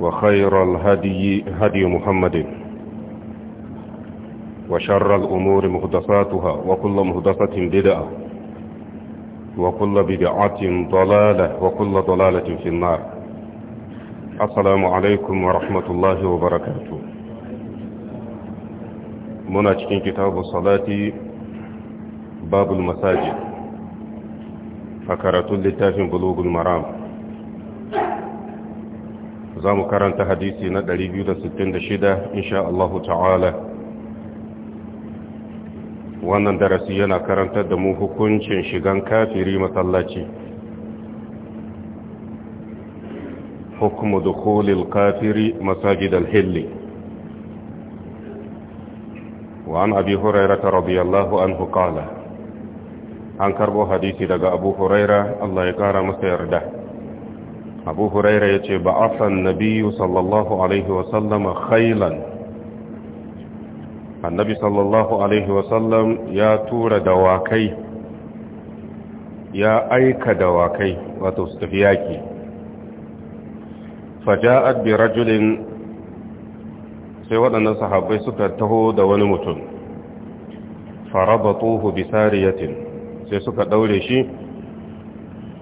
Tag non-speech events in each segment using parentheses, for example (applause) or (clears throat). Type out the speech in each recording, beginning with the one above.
وخير الهدي هدي محمد وشر الأمور مهدساتها وكل مهدسة بدعة وكل بدعة ضلالة وكل ضلالة في النار السلام عليكم ورحمة الله وبركاته مناشقين كتاب الصلاة باب المساجد فكرة لتاف بلوغ المرام za mu karanta hadisi na 266 insha Allah ta'ala wannan darasi yana karantar da mu hukuncin shigan kafiri masallaci hukumu dukhulil kafiri masajid al wa an abi hurairah radiyallahu an qala an karbo hadisi daga abu Huraira, Allah ya kara masa yarda abu huraira ya ce ba afan nabiyu sallallahu alaihi wasallama khailan annabi sallallahu alaihi wasallam ya tura dawakai ya aika dawakai wato su tafi yaki faja'ad bi rajulin sai waɗannan sahabbai suka taho da wani mutum farabatuhu bi sariyatin sai suka daure shi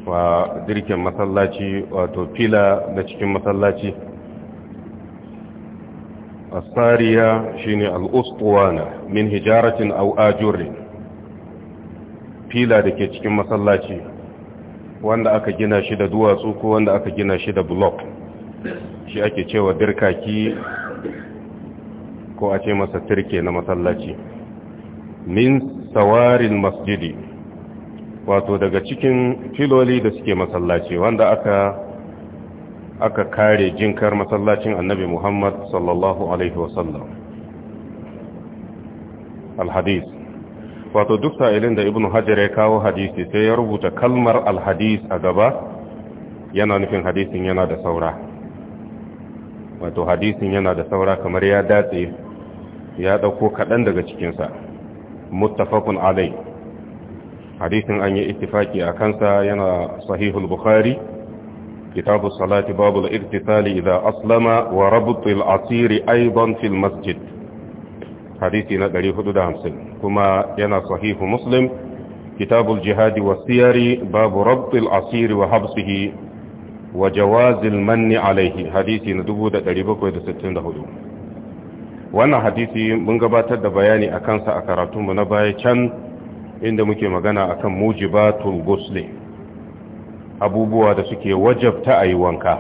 wa dirken masallaci wato fila na cikin masallaci asariya shine al'ustuwana min hijaratin au ajurin fila da ke cikin masallaci wanda aka gina shi da duwatsu ko wanda aka gina shi da blok shi ake cewa dirkaki ko a ce masa turke na masallaci min tsawarin masjidi wato daga cikin filoli da suke masallaci wanda aka aka kare jinkar masallacin annabi Muhammad sallallahu alaihi wasallam alhadis wato duk sa'ilin da ibnu hajar ya kawo hadisi sai ya rubuta kalmar alhadis a gaba yana nufin hadisin yana da saura wato hadisin yana da saura kamar ya datse ya dauko kaɗan daga cikinsa muttafaqun alai hadisin an yi ittifaki a kansa yana sahihul bukhari kitabu salati babul irtisali idza aslama wa rabtul asiri aidan fil masjid hadisi na 450 kuma yana sahihu muslim kitabul jihadi wa siyari babu rabtul asiri wa habsihi wa jawazil manni alaihi hadisi na 1764 wannan hadisi mun gabatar da bayani a kansa a karatunmu na baya can inda muke magana akan mujibatul gusli abubuwa da suke wajabta a yi wanka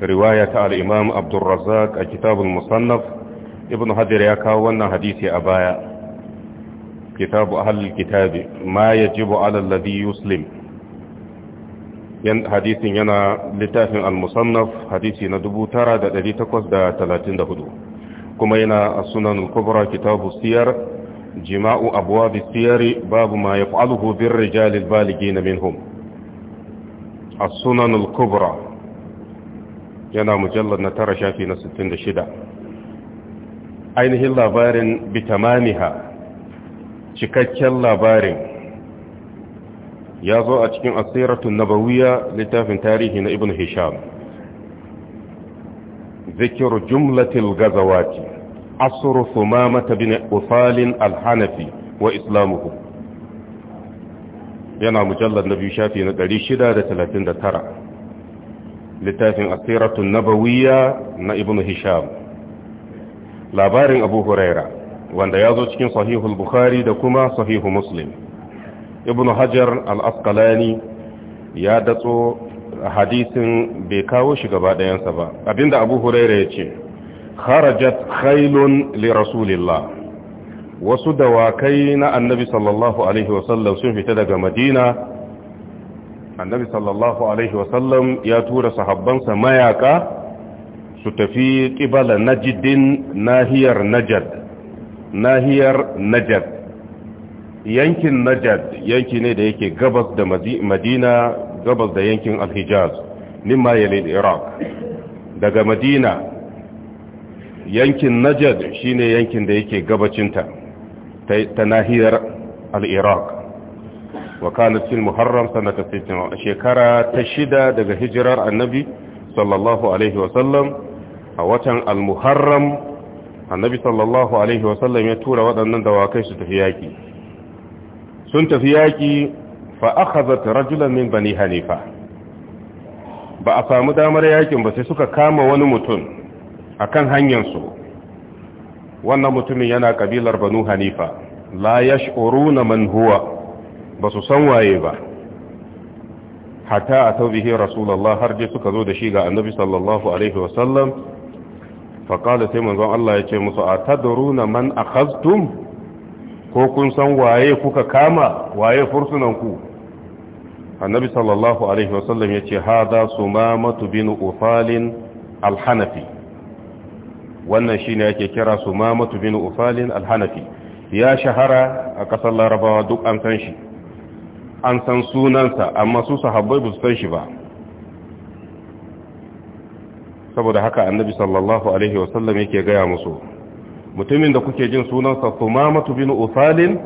riwaya ta al-imam a kitabun Musannaf Ibn Hajar ya kawo wannan hadisi a baya kitabu ahlul kitabi ma yajibu ala alladhi yuslim yan hadisin yana littafin al-Musannaf hadisi na 9834 kuma yana a sunan kubra kitabu siyar jima'u abuwa bisiyari babu ma ya fa'aluhu bin rijalil baligi na minhum a sunanul kubra yana mujallar na tara shafi na 66 ainihin labarin bitamaniha cikakken labarin ya zo a cikin asiratun nabawiya littafin tarihi na ibn hisham zikir jumlatil gazawati asru sumamata bin ufalin al-hanafi wa islamuhu yana mujallar na biyu shafi na 639 littafin asiratun nabawiyya na Ibnu hisham labarin abu huraira wanda ya zo cikin sahihul bukhari da kuma sahihu muslim Ibnu hajar al Askalani ya datso hadisin bai kawo shi gaba ɗayansa ba abinda abu huraira ya ce kharajat khailun li rasulillah wasu dawakai na annabi sallallahu alaihi wasallam sun fita daga madina annabi sallallahu alaihi wasallam ya tura sahabbansa mayaka su tafi ƙibala najidin nahiyar najad nahiyar najad yankin najad yanki ne da yake gabas da madina gabas da yankin alhijaz nima yalil iraq daga madina yankin najad shine yankin da yake gabacinta ta nahiyar al-iraq wa kanat fil muharram sanata 60 shekara ta shida daga hijirar annabi sallallahu alaihi wasallam a watan al-muharram annabi sallallahu alaihi wasallam ya tura waɗannan dawakai su tafi yaki sun tafi yaki fa akhadhat rajulan min bani hanifa ba a samu damar yakin ba sai suka kama wani mutum akan hanyarsu wannan mutumin yana kabilar banu hanifa la yash'uruna man huwa ba su san waye ba Hata a taubihi Rasulallah har je suka zo da shi ga annabi sallallahu alaihi wasallam faƙada sai manzon Allah ya ce musu a tadaruna man akhaztum ko kun san waye kuka kama waye fursunanku annabi sallallahu alaihi wasallam ya ce su ma bin ufalin alhanafi wannan shine yake kira mamatu bin ufalin alhanafi ya shahara a kasar larabawa duk an san shi an san sunansa amma su sahabbai ba su san shi ba saboda haka annabi sallallahu alaihi wasallam yake gaya musu mutumin da kuke jin sunansa mamatu bin ufalin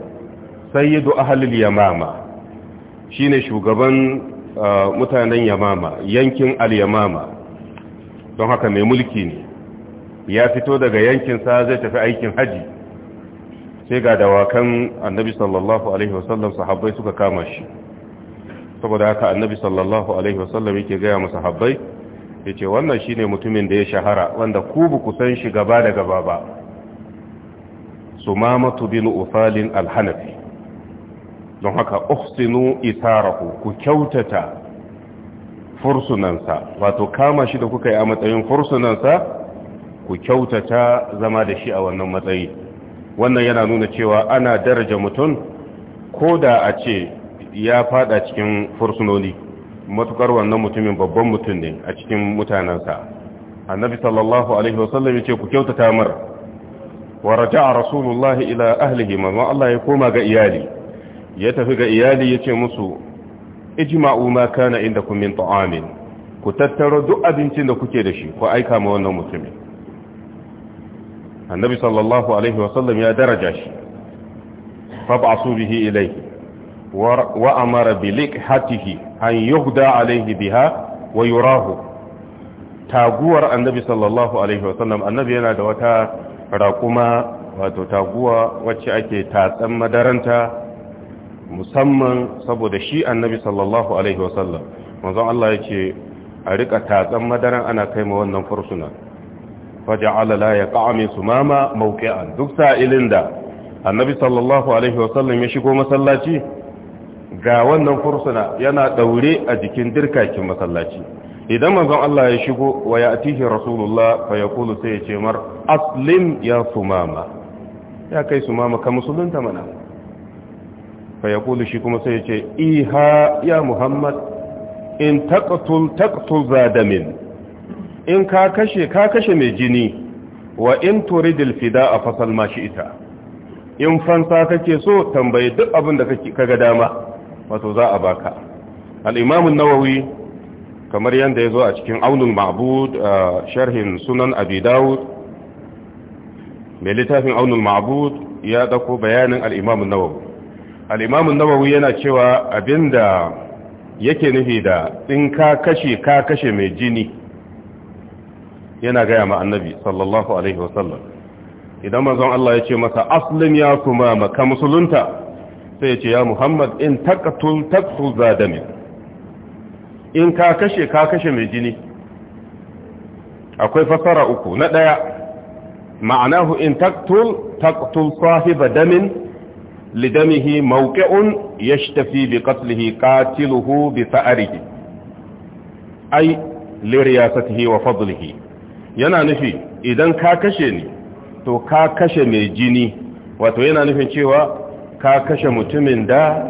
sayyidu ahlil yamama shine shugaban uh, mutanen yamama yankin al-yamama don haka mai mulki ne ya fito daga yankinsa zai tafi aikin haji sai ga dawakan annabi sallallahu alaihi wasallam sahabbai suka kama shi saboda haka annabi sallallahu alaihi wasallam yake gaya masa sahabbai ya wannan shine mutumin da ya shahara wanda ku bu kusan shi gaba da gaba ba su bin ufalin alhanafi don haka uhsinu itharahu ku kyautata fursunansa wato kama shi da kuka yi a matsayin fursunansa ku kyautata zama da shi a wannan matsayi wannan yana nuna cewa ana daraja mutum ko da a ce ya fada cikin fursunoni matukar wannan mutumin babban mutum ne a cikin mutanensa annabi sallallahu alaihi wasallam ce ku kyautata mar wa raja'a rasulullah ila ahlihi wa Allah ya koma ga iyali ya tafi ga iyali ya ce musu ijma'u ma kana indakum min ta'amin ku tattaro duk abincin da kuke da shi ku aika ma wannan mutumin annabi sallallahu alaihi wasallam ya daraja shi fab'asu bihi ilayhi wa amara bi liqhatihi an yuhda alaihi biha wa yurahu taguwar annabi sallallahu alaihi wasallam annabi yana da wata raƙuma wato taguwa wacce ake tatsan madaranta musamman saboda shi annabi sallallahu alaihi wasallam manzon Allah yake a rika tatsan madaran ana kai ma wannan fursuna faja'ala la yaqa min sumama mawqi'an duk sa'ilin da annabi sallallahu alaihi wasallam ya shigo masallaci ga wannan fursuna yana daure a jikin dirkakin masallaci idan manzon Allah ya shigo wa ya'tihi rasulullah fa yaqulu sai ya ce mar aslim ya sumama ya kai sumama ka musulunta mana fa yaqulu shi kuma sai yace ce iha ya muhammad in taqtul taqtul zadamin in ka kashe ka kashe mai jini wa in turidil fida a fasal shi ita in fansa kake so tambaye duk abin da kaga dama wato za a baka al-imam an-nawawi kamar yanda yazo a cikin aunul ma'bud sharhin sunan abi daud mai littafin aunul ma'bud ya dako bayanin al-imam an-nawawi al-imam an-nawawi yana cewa abinda yake nufi da in ka kashe ka kashe mai jini yana gaya ma annabi sallallahu alaihi wasallam idan manzon Allah ya ce masa aslim ya sumama ka musulunta sai ya ce ya Muhammad in taqtul taqtul zadami in ka kashe ka kashe mai jini akwai fasara uku na daya ma'anahu in taqtul taqtul sahiba damin lidamihi mawqi'un yashtafi bi qatlihi qatiluhu bi sa'rihi ay liriyasatihi wa fadlihi yana nufi idan ka kashe ni to ka kashe mai jini wato yana nufin cewa ka kashe mutumin da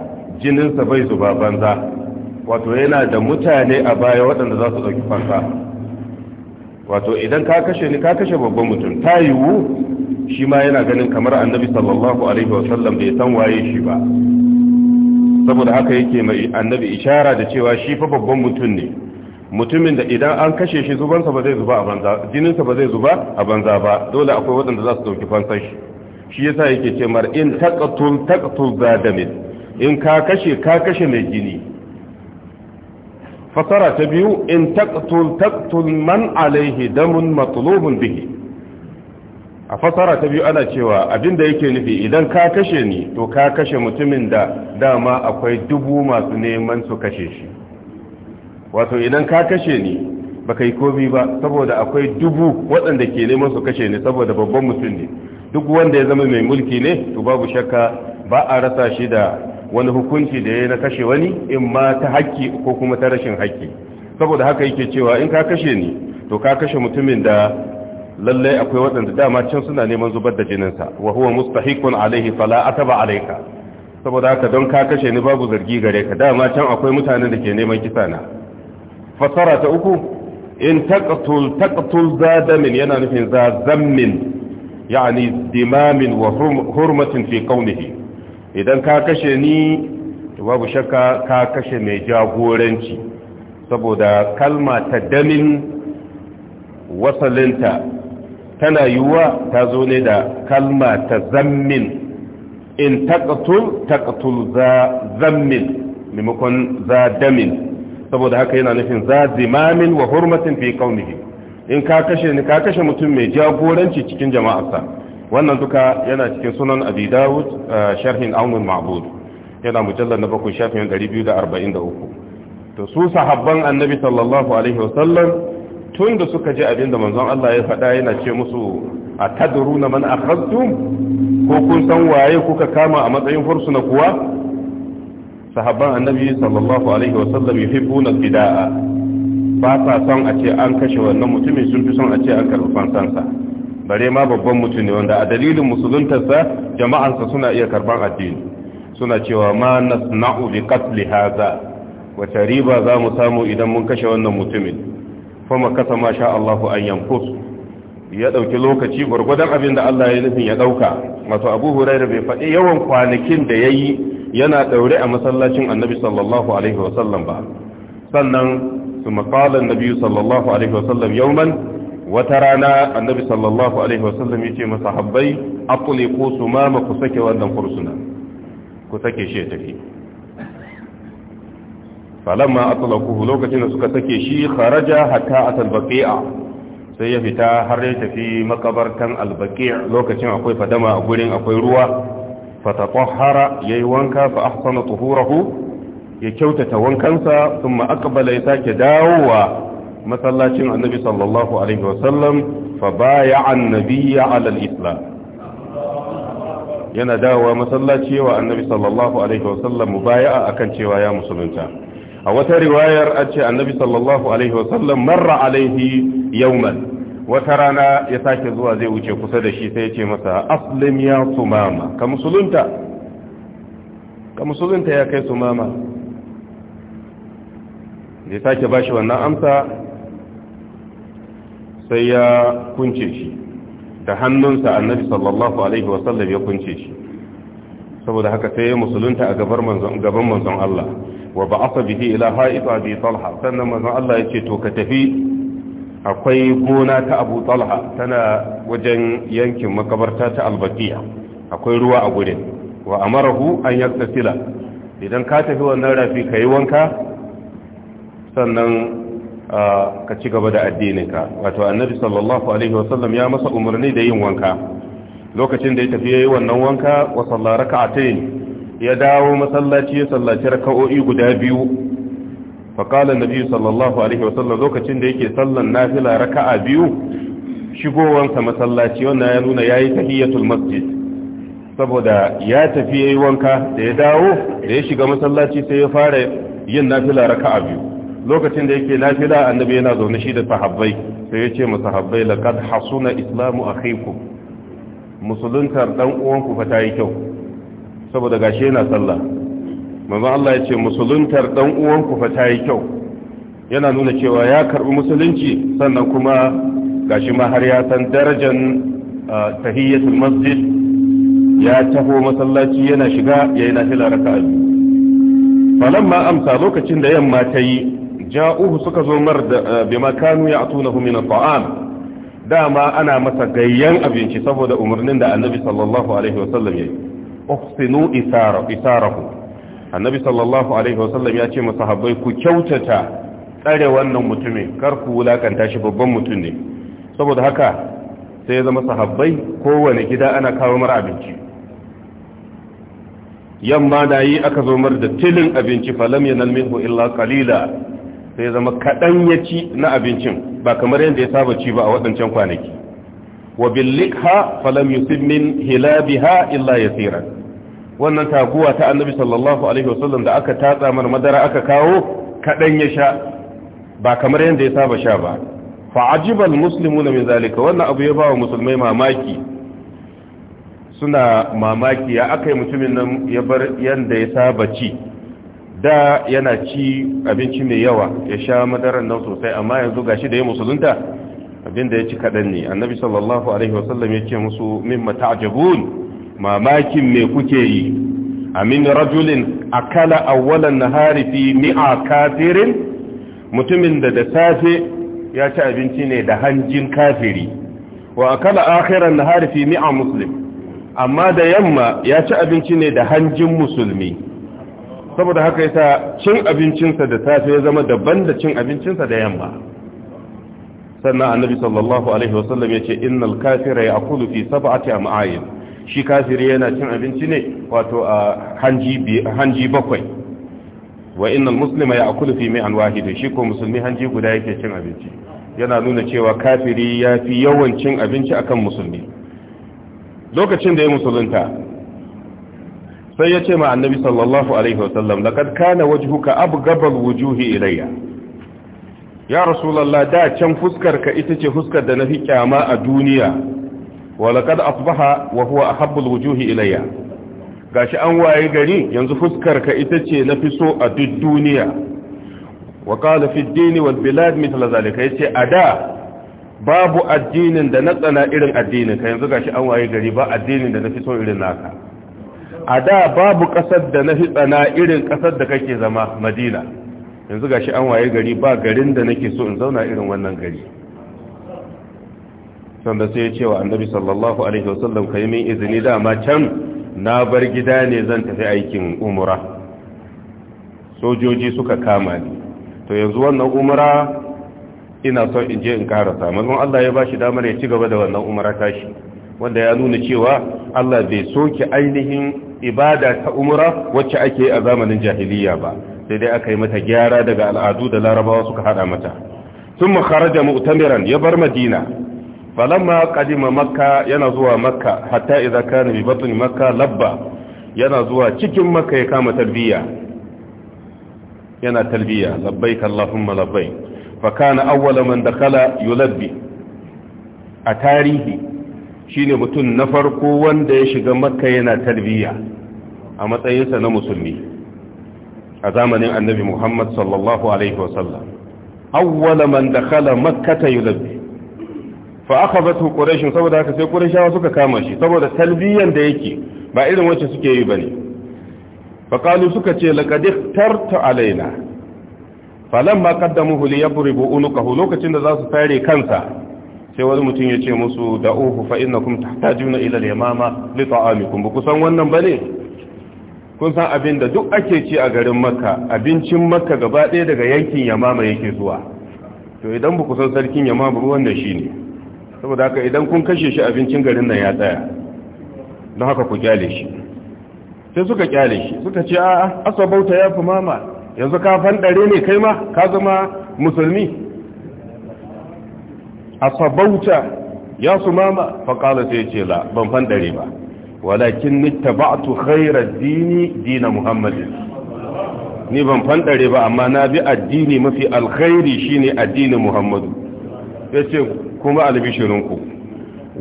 jininsa bai zuba banza wato yana da mutane a baya waɗanda za su ɗauki fanka wato idan ka kashe ni ka kashe babban mutum ta yiwu shi ma yana ganin kamar annabi sallallahu alaihi wasallam bai san waye shi ba saboda haka yake mai annabi ishara da cewa shi fa babban mutum ne mutumin da idan an kashe shi zubansa ba zai zuba a banza jininsa ba zai zuba a banza ba dole akwai waɗanda za su ɗauki fansar shi shi yasa yake ce mar in taqatul taqatul zadamin in ka kashe ka kashe mai jini fasara ta biyu in taqatul taqatul man alaihi damun matlubun bihi a fasara ta biyu ana cewa abin da yake nufi idan ka kashe ni to ka kashe mutumin da dama akwai dubu masu neman su kashe shi wato idan ka kashe ni baka yi komi ba saboda akwai dubu waɗanda ke neman su kashe ni saboda babban mutum ne duk wanda ya zama mai mulki ne to babu shakka ba a rasa shi da wani hukunci da ya na kashe wani in ma ta haƙƙi ko kuma ta rashin haƙƙi saboda haka yake cewa in ka kashe ni to ka kashe mutumin da lallai akwai waɗanda dama can suna neman zubar da jininsa wa huwa mustahiqun alaihi fala ataba alayka saboda haka don ka kashe ni babu zargi gare ka dama can akwai mutanen da ke neman kisa na fasara ta uku in taqtul taqtul zadamin yana nufin zazammin yani dimamin wa hurmatin fi qawlihi idan ka kashe ni babu shakka ka kashe mai jagoranci saboda kalma ta damin wasalinta tana yiwuwa ta zo ne da kalma ta zammin in taqtul taqtul za zammin mimakon za damin saboda haka yana nufin za zimamin wa hurmatin fi in ka kashe ni ka kashe mutum mai jagoranci cikin jama'arsa wannan duka yana cikin sunan abi dawud sharhin aunul ma'bud yana mujallar na bakwai shafin 243 to su sahabban annabi sallallahu alaihi wasallam tun da suka ji abin da manzon Allah ya faɗa yana ce musu a tadruna man akhadtum ko kun san waye kuka kama a matsayin fursuna kuwa sahabban annabi sallallahu alaihi wa sallam yuhibbuna al ba sa son a ce an kashe wannan mutumin sun fi son a ce an karɓi fansansa bare ma babban mutum ne wanda a dalilin musuluntarsa jama'ansa suna iya karban addini suna cewa ma nasna'u bi qatli hadha riba za mu samu idan mun kashe wannan mutumin kuma kasa ma sha Allahu an yanfus ya dauki lokaci gurgudan abin da Allah ya nufin ya dauka wato Abu Hurairah bai faɗi yawan kwanakin da yayi yana daure a masallacin annabi sallallahu alaihi wasallam ba sannan su makalan nabi sallallahu alaihi wasallam yauman wata rana annabi sallallahu alaihi wasallam ya ce masa habbai akule ko su ma ku sake wannan kursuna ku sake shi ya tafi falamma atlaquhu lokacin da suka sake shi kharaja hatta atal baqi'a sai ya fita har ya tafi makabartan albaqi'a lokacin akwai fadama a gurin akwai ruwa fataqahhara yayi wanka fa ahsana tuhurahu ya kyautata wankansa thumma aqbala ya sake dawowa masallacin annabi sallallahu alaihi wa Sallam fa bay'a annabiyya ala al-islam yana dawowa masallaci wa annabi sallallahu alaihi wa wasallam mubaya'a akan cewa ya musulunta a wata riwayar an ce annabi sallallahu alaihi wa wasallam marra alaihi yawman wata rana ya sake zuwa zai wuce kusa da shi sai ya ce masa aslim ya sumama ka musulunta ka musulunta ya kai sumama da sake ba shi wannan amsa sai ya kunce shi da hannunsa annabi sallallahu alaihi wasallam ya kunce shi saboda haka sai ya musulunta a gaban manzon Allah wa ba'asa bihi ila ha'ita bi talha sannan manzon Allah ya ce to ka tafi akwai gona ta abu talha tana wajen yankin makabarta ta albaqiya akwai ruwa a gurin wa amarahu an yaktasila idan ka tafi wannan rafi ka yi wanka sannan ka ci gaba da addininka wato annabi sallallahu alaihi wasallam ya masa umarni da yin wanka lokacin da ya tafi yayi wannan wanka wa sallara rak'atayn ya dawo masallaci ya sallaci raka'o'i guda biyu faƙalar nabi sallallahu alaihi wasallam lokacin da yake sallan nafila raka'a biyu shigowansa masallaci wanda ya nuna ya yi tahiyyatul masjid saboda ya tafi ya yi wanka da ya dawo da ya shiga masallaci sai ya fara yin nafila raka'a biyu lokacin da yake nafila annabi yana zaune shi da sahabbai sai ya ce masa sahabbai laqad hasuna islamu akhikum musuluntar dan uwanku fa ta yi kyau saboda gashi yana sallah manzo Allah ya ce musuluntar dan uwanku fa ta yi kyau yana nuna cewa ya karbi musulunci sannan kuma gashi ma har ya san darajar tahiyyatul masjid ya taho masallaci yana shiga yayin nafila raka'a ma amsa lokacin da yamma ta yi ja'uhu suka zo mar da bima kanu ya'tunahu min at'am dama ana masa gayyan abinci saboda umarnin da annabi sallallahu alaihi wasallam yayi uqsinu isarahu annabi sallallahu alaihi wasallam ya ce masahabbai ku kyautata tsare wannan mutumin kar ku wulakanta shi babban mutum ne saboda haka sai ya zama sahabbai kowane gida ana kawo mara abinci yamma na yi aka zo mar da tilin abinci falam yanal minhu illa qalila sai zama kaɗan ya ci na abincin ba kamar yadda ya saba ci ba a waɗancan kwanaki wa billikha falam yusib min hilabiha illa yasiran wannan taguwa ta annabi sallallahu alaihi wasallam da aka tatsa mar madara aka kawo kadan ya sha ba kamar yadda ya saba sha ba fa'ajibal muslimuna min zalika wannan abu ya bawa musulmai mamaki suna mamaki ya akai mutumin nan ya bar yadda ya saba ci da yana ci abinci mai yawa ya sha madaran nan sosai amma yanzu gashi da ya musulunta abinda ya ci kadan ne annabi sallallahu alaihi wasallam ya ce musu mimma ta'jabun mamakin me kuke yi amin rajulin akala awwalan nahari fi mi'a kafirin mutumin da da safe ya ci abinci ne da hanjin kafiri wa akala akhiran nahari fi mi'a muslim amma da yamma ya ci abinci ne da hanjin musulmi saboda haka yasa cin abincinsa da safe ya zama daban da cin abincinsa da yamma sannan annabi sallallahu alaihi wasallam yace innal kafira ya'kulu fi sab'ati am'ayin shi kafiri yana cin abinci ne wato a hanji bakwai wa innal muslima ya akulu fi mai wahid shi ko musulmi hanji guda yake cin abinci yana nuna cewa kafiri ya fi yawan cin abinci akan musulmi lokacin da ya musulunta sai ya ce ma annabi sallallahu alaihi wasallam laqad kana wajhuka abghabal wujuhi ilayya ya rasulullah da can fuskar ka ita ce fuskar da na fi kyama a duniya walakad asbaha wa huwa ahabbul wujuhi ilayya gashi an waye gari yanzu fuskar ka ita ce na fi so a duk duniya wa qala fi ad wal bilad mithla zalika yace ada babu addinin da na tsana irin addinin ka yanzu gashi an waye gari ba addinin da na fi so irin naka ada babu kasar da na fi tsana irin kasar da kake zama madina yanzu gashi an waye gari ba garin da nake so in zauna irin wannan gari Sanda sai ya ce wa annabi sallallahu alaihi wasallam kai min izini dama can na bar gida ne zan tafi aikin umura sojoji suka kama ni to yanzu wannan umura ina son in je in karasa manzon Allah ya bashi damar ya ci gaba da wannan umura tashi wanda ya nuna cewa Allah bai soke ainihin ibada ta umura wacce ake a zamanin jahiliya ba sai dai aka yi mata gyara daga al'adu da larabawa suka hada mata Tun makaraja mu'tamiran ya bar madina falamma kadima makka yana zuwa makka hatta idza kana bi batni makka labba yana zuwa cikin makka ya kama talbiya yana talbiya labbaik allahumma labbaik fa kana awwala man dakhala yulabbi a tarihi shine mutum na farko wanda ya shiga makka yana talbiya a matsayinsa na musulmi a zamanin annabi muhammad sallallahu alaihi wasallam awwala man dakhala makkata yulabbi fa akhadathu quraish saboda haka sai quraishawa suka kama shi saboda talbiyan da yake ba irin wacce suke yi bane fa qalu suka ce laqad tartu alaina falamma qaddamuhu liyadribu unukahu lokacin da za su fare kansa sai wani mutum ya ce musu da'uhu fa innakum tahtajuna ila al-yamama li ta'amikum ku san wannan bane kun san abin da duk ake ci a garin makka abincin makka gaba ɗaya daga yankin yamama yake zuwa to idan ba ku san sarkin yamama ruwan da shine saboda haka idan kun kashe shi abincin garin nan ya tsaya don haka ku kyale shi sai suka kyale shi suka ce a asabauta ya fi mama yanzu ka fandare ne kai ma ka zama musulmi asabauta ya su mama faƙala sai ce la ban fandare ba walakin ni taba'tu khairar dini dina muhammadin ni ban fandare ba amma na bi addini mafi alkhairi shine addinin muhammadu ya ce kuma albishirinku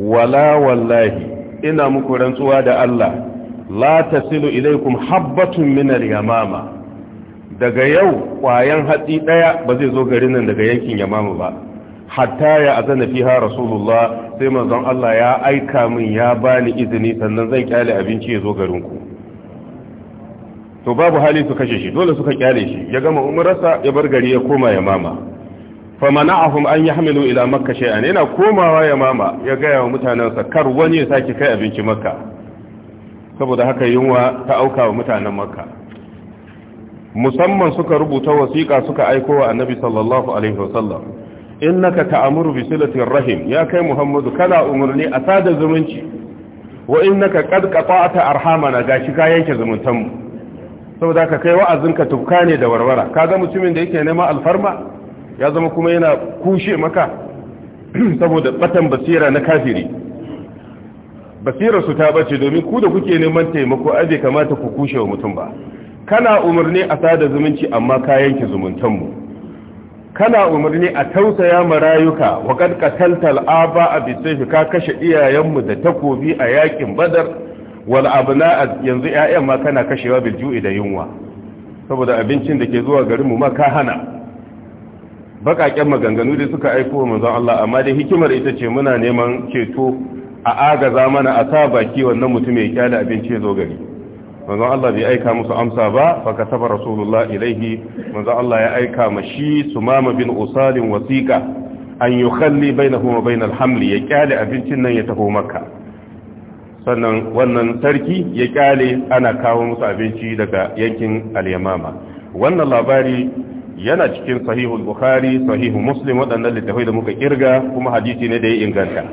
wala wallahi ina muku rantsuwa da Allah la tasilu ilaikum habbatun minar yamama daga yau kwayan hatsi daya ba zai zo garin nan daga yankin yamama ba hatta ya azana fiha rasulullah sai manzon Allah ya aika min ya bani izini sannan zan kyale abinci ya zo garin ku to babu hali su kashe shi dole suka kyale shi ya gama umrarsa ya bar gari ya koma yamama fa mana'ahum an yahmilu ila makka shay'an yana komawa ya mama ya gaya wa mutanensa kar wani ya sake kai abinci makka saboda haka yunwa ta auka wa mutanen makka musamman suka rubuta wasiƙa suka aiko wa annabi sallallahu alaihi wasallam innaka ta'muru bi silatir rahim ya kai muhammadu kana umurni a sada zumunci wa innaka qad qata'ta arhamana gashi ka yanke zumuntan mu saboda haka kai wa'azinka tufka ne da warwara kaga mutumin da yake neman alfarma ya zama kuma yana kushe maka (clears throat) saboda batan basira na kafiri basirarsu ta bace domin ku da kuke neman taimako ai bai kamata ku kushe wa mutum ba kana umarni a sada zumunci amma ka yanke zumuntanmu kana umarni a tausaya ma rayuka wa kad qatalta al-aba ka kashe iyayenmu da takobi a yakin badar wal abna yanzu iyayen ma kana kashewa bil ju'i da yunwa saboda abincin da ke zuwa garin mu ma ka hana baƙaƙen maganganu da suka aiko wa manzon Allah amma dai hikimar ita ce muna neman ceto a agaza mana a sa baki wannan mutum ya kyale abinci ya zo gari manzon Allah bai aika musu amsa ba fa kasaba rasulullah ilaihi manzon Allah ya aika ma shi sumama bin usalin wasiqa an yukhalli bainahu wa bainal hamli ya kyale abincin nan ya taho makka sannan wannan sarki ya kyale ana kawo musu abinci daga yankin al-yamama wannan labari yana cikin sahihul bukhari sahihu muslim waɗannan littafai da muka kirga kuma hadisi ne da ya inganta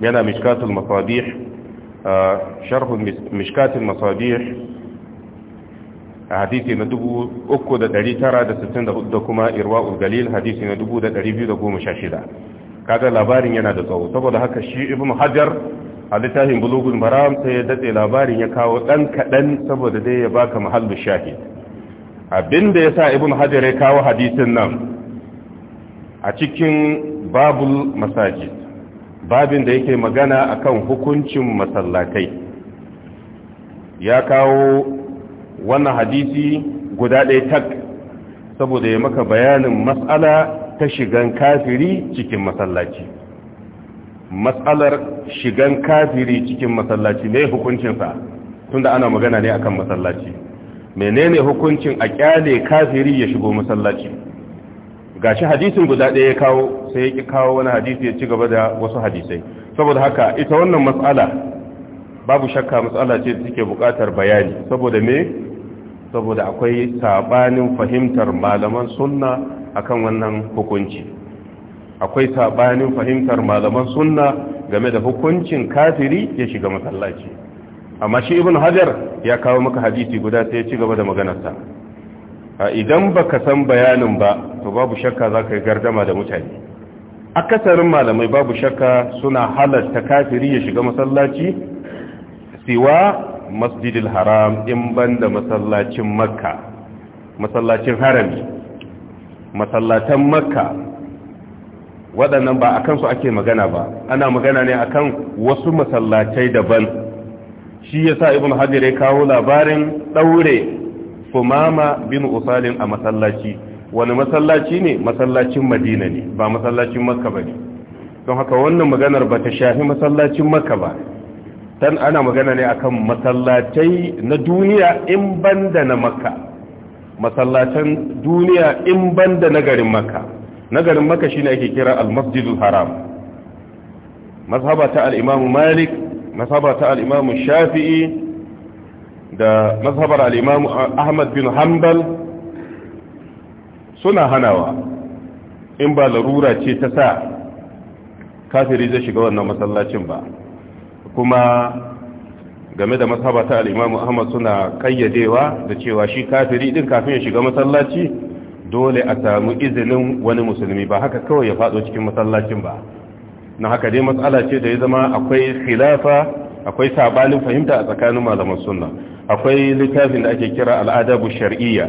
yana mishkatul masabih sharhu mishkatul masadih hadisi na 3964 da kuma irwa'ul galil hadisi na 2216 kaga labarin yana da tsawo saboda haka shi ibn hajar a littafin bulugul maram sai ya datse labarin ya kawo dan kadan saboda dai ya baka muhallin shahid abinda ya sa ibn hajar kawo hadisin nan a cikin babul masajid babin da yake magana akan hukuncin masallatai ya kawo wannan hadisi guda ɗaya tak saboda ya maka bayanin matsala ta shigan kafiri cikin masallaci matsalar shigan kafiri cikin masallaci ne hukuncinsa tunda ana magana ne akan masallaci menene hukuncin a kyale kafiri ya shigo masallaci gashi hadisin guda ɗaya ya kawo sai ya kawo wani hadisi ya ci gaba da wasu hadisai saboda haka ita wannan matsala babu shakka matsala ce da take buƙatar bayani saboda me saboda akwai sabanin fahimtar malaman sunna akan wannan hukunci akwai sabanin fahimtar malaman sunna game da hukuncin kafiri ya shiga masallaci amma shi ibn hajar ya kawo maka hadisi guda sai ya ci gaba da maganarsa idan baka san bayanin ba to babu shakka za ka yi gardama da mutane akasarin malamai babu shakka suna halarta kafiri ya shiga masallaci siwa masjidil haram in banda masallacin makka masallacin harami masallatan makka waɗannan ba a kansu ake magana ba ana magana ne akan wasu masallacai daban shi ya sa ibn hajar ya kawo labarin ɗaure fumama bin usalin a masallaci wani masallaci ne masallacin madina ne ba masallacin makka ba ne don haka wannan maganar ba ta shafi masallacin makka ba tan ana magana ne akan masallacai na duniya in banda na makka masallacin duniya in banda na garin makka na garin makka shine ake kira al-masjidul haram mazhaba ta al-imam malik masaba ta al'imamu shafi'i da masabar al'imamu ahmad bin hanbal suna hanawa in ba larura ce ta sa kafiri zai shiga wannan masallacin ba kuma game da masaba ta al'imamu ahmad suna kayyadewa da cewa shi kafiri din kafin ya shiga masallaci dole a samu izinin wani musulmi ba haka kawai ya faɗo cikin masallacin ba na haka dai matsala ce da ya zama akwai khilafa akwai sabanin fahimta a tsakanin malaman sunna akwai littafin da ake kira al'adabu shar'iyya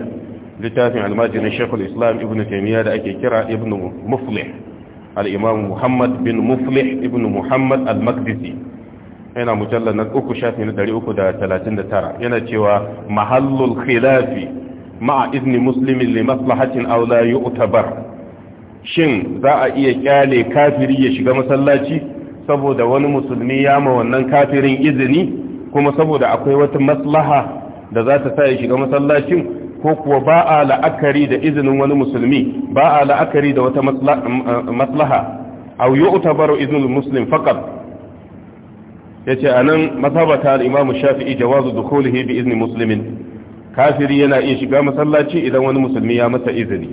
littafin almajirin shekul islam ibn taimiyya da ake kira ibn muflih al'imam muhammad bin muflih ibn muhammad al-makdisi yana mujallar na uku shafi na tara yana cewa mahallul khilafi ma'a izni muslimin li maslahatin aula yu'tabar shin za a iya kyale kafiri ya shiga masallaci saboda wani musulmi ya ma wannan kafirin izini kuma saboda akwai wata maslaha da za ta sa ya shiga masallacin ko kuwa ba a la'akari da izinin wani musulmi ba a la'akari da wata maslaha au yi utabaru izinin muslim faqat yace anan masabata al-imam shafi'i jawazu dukhulihi bi izinin musulmin? kafiri yana iya shiga masallaci idan wani musulmi ya masa izini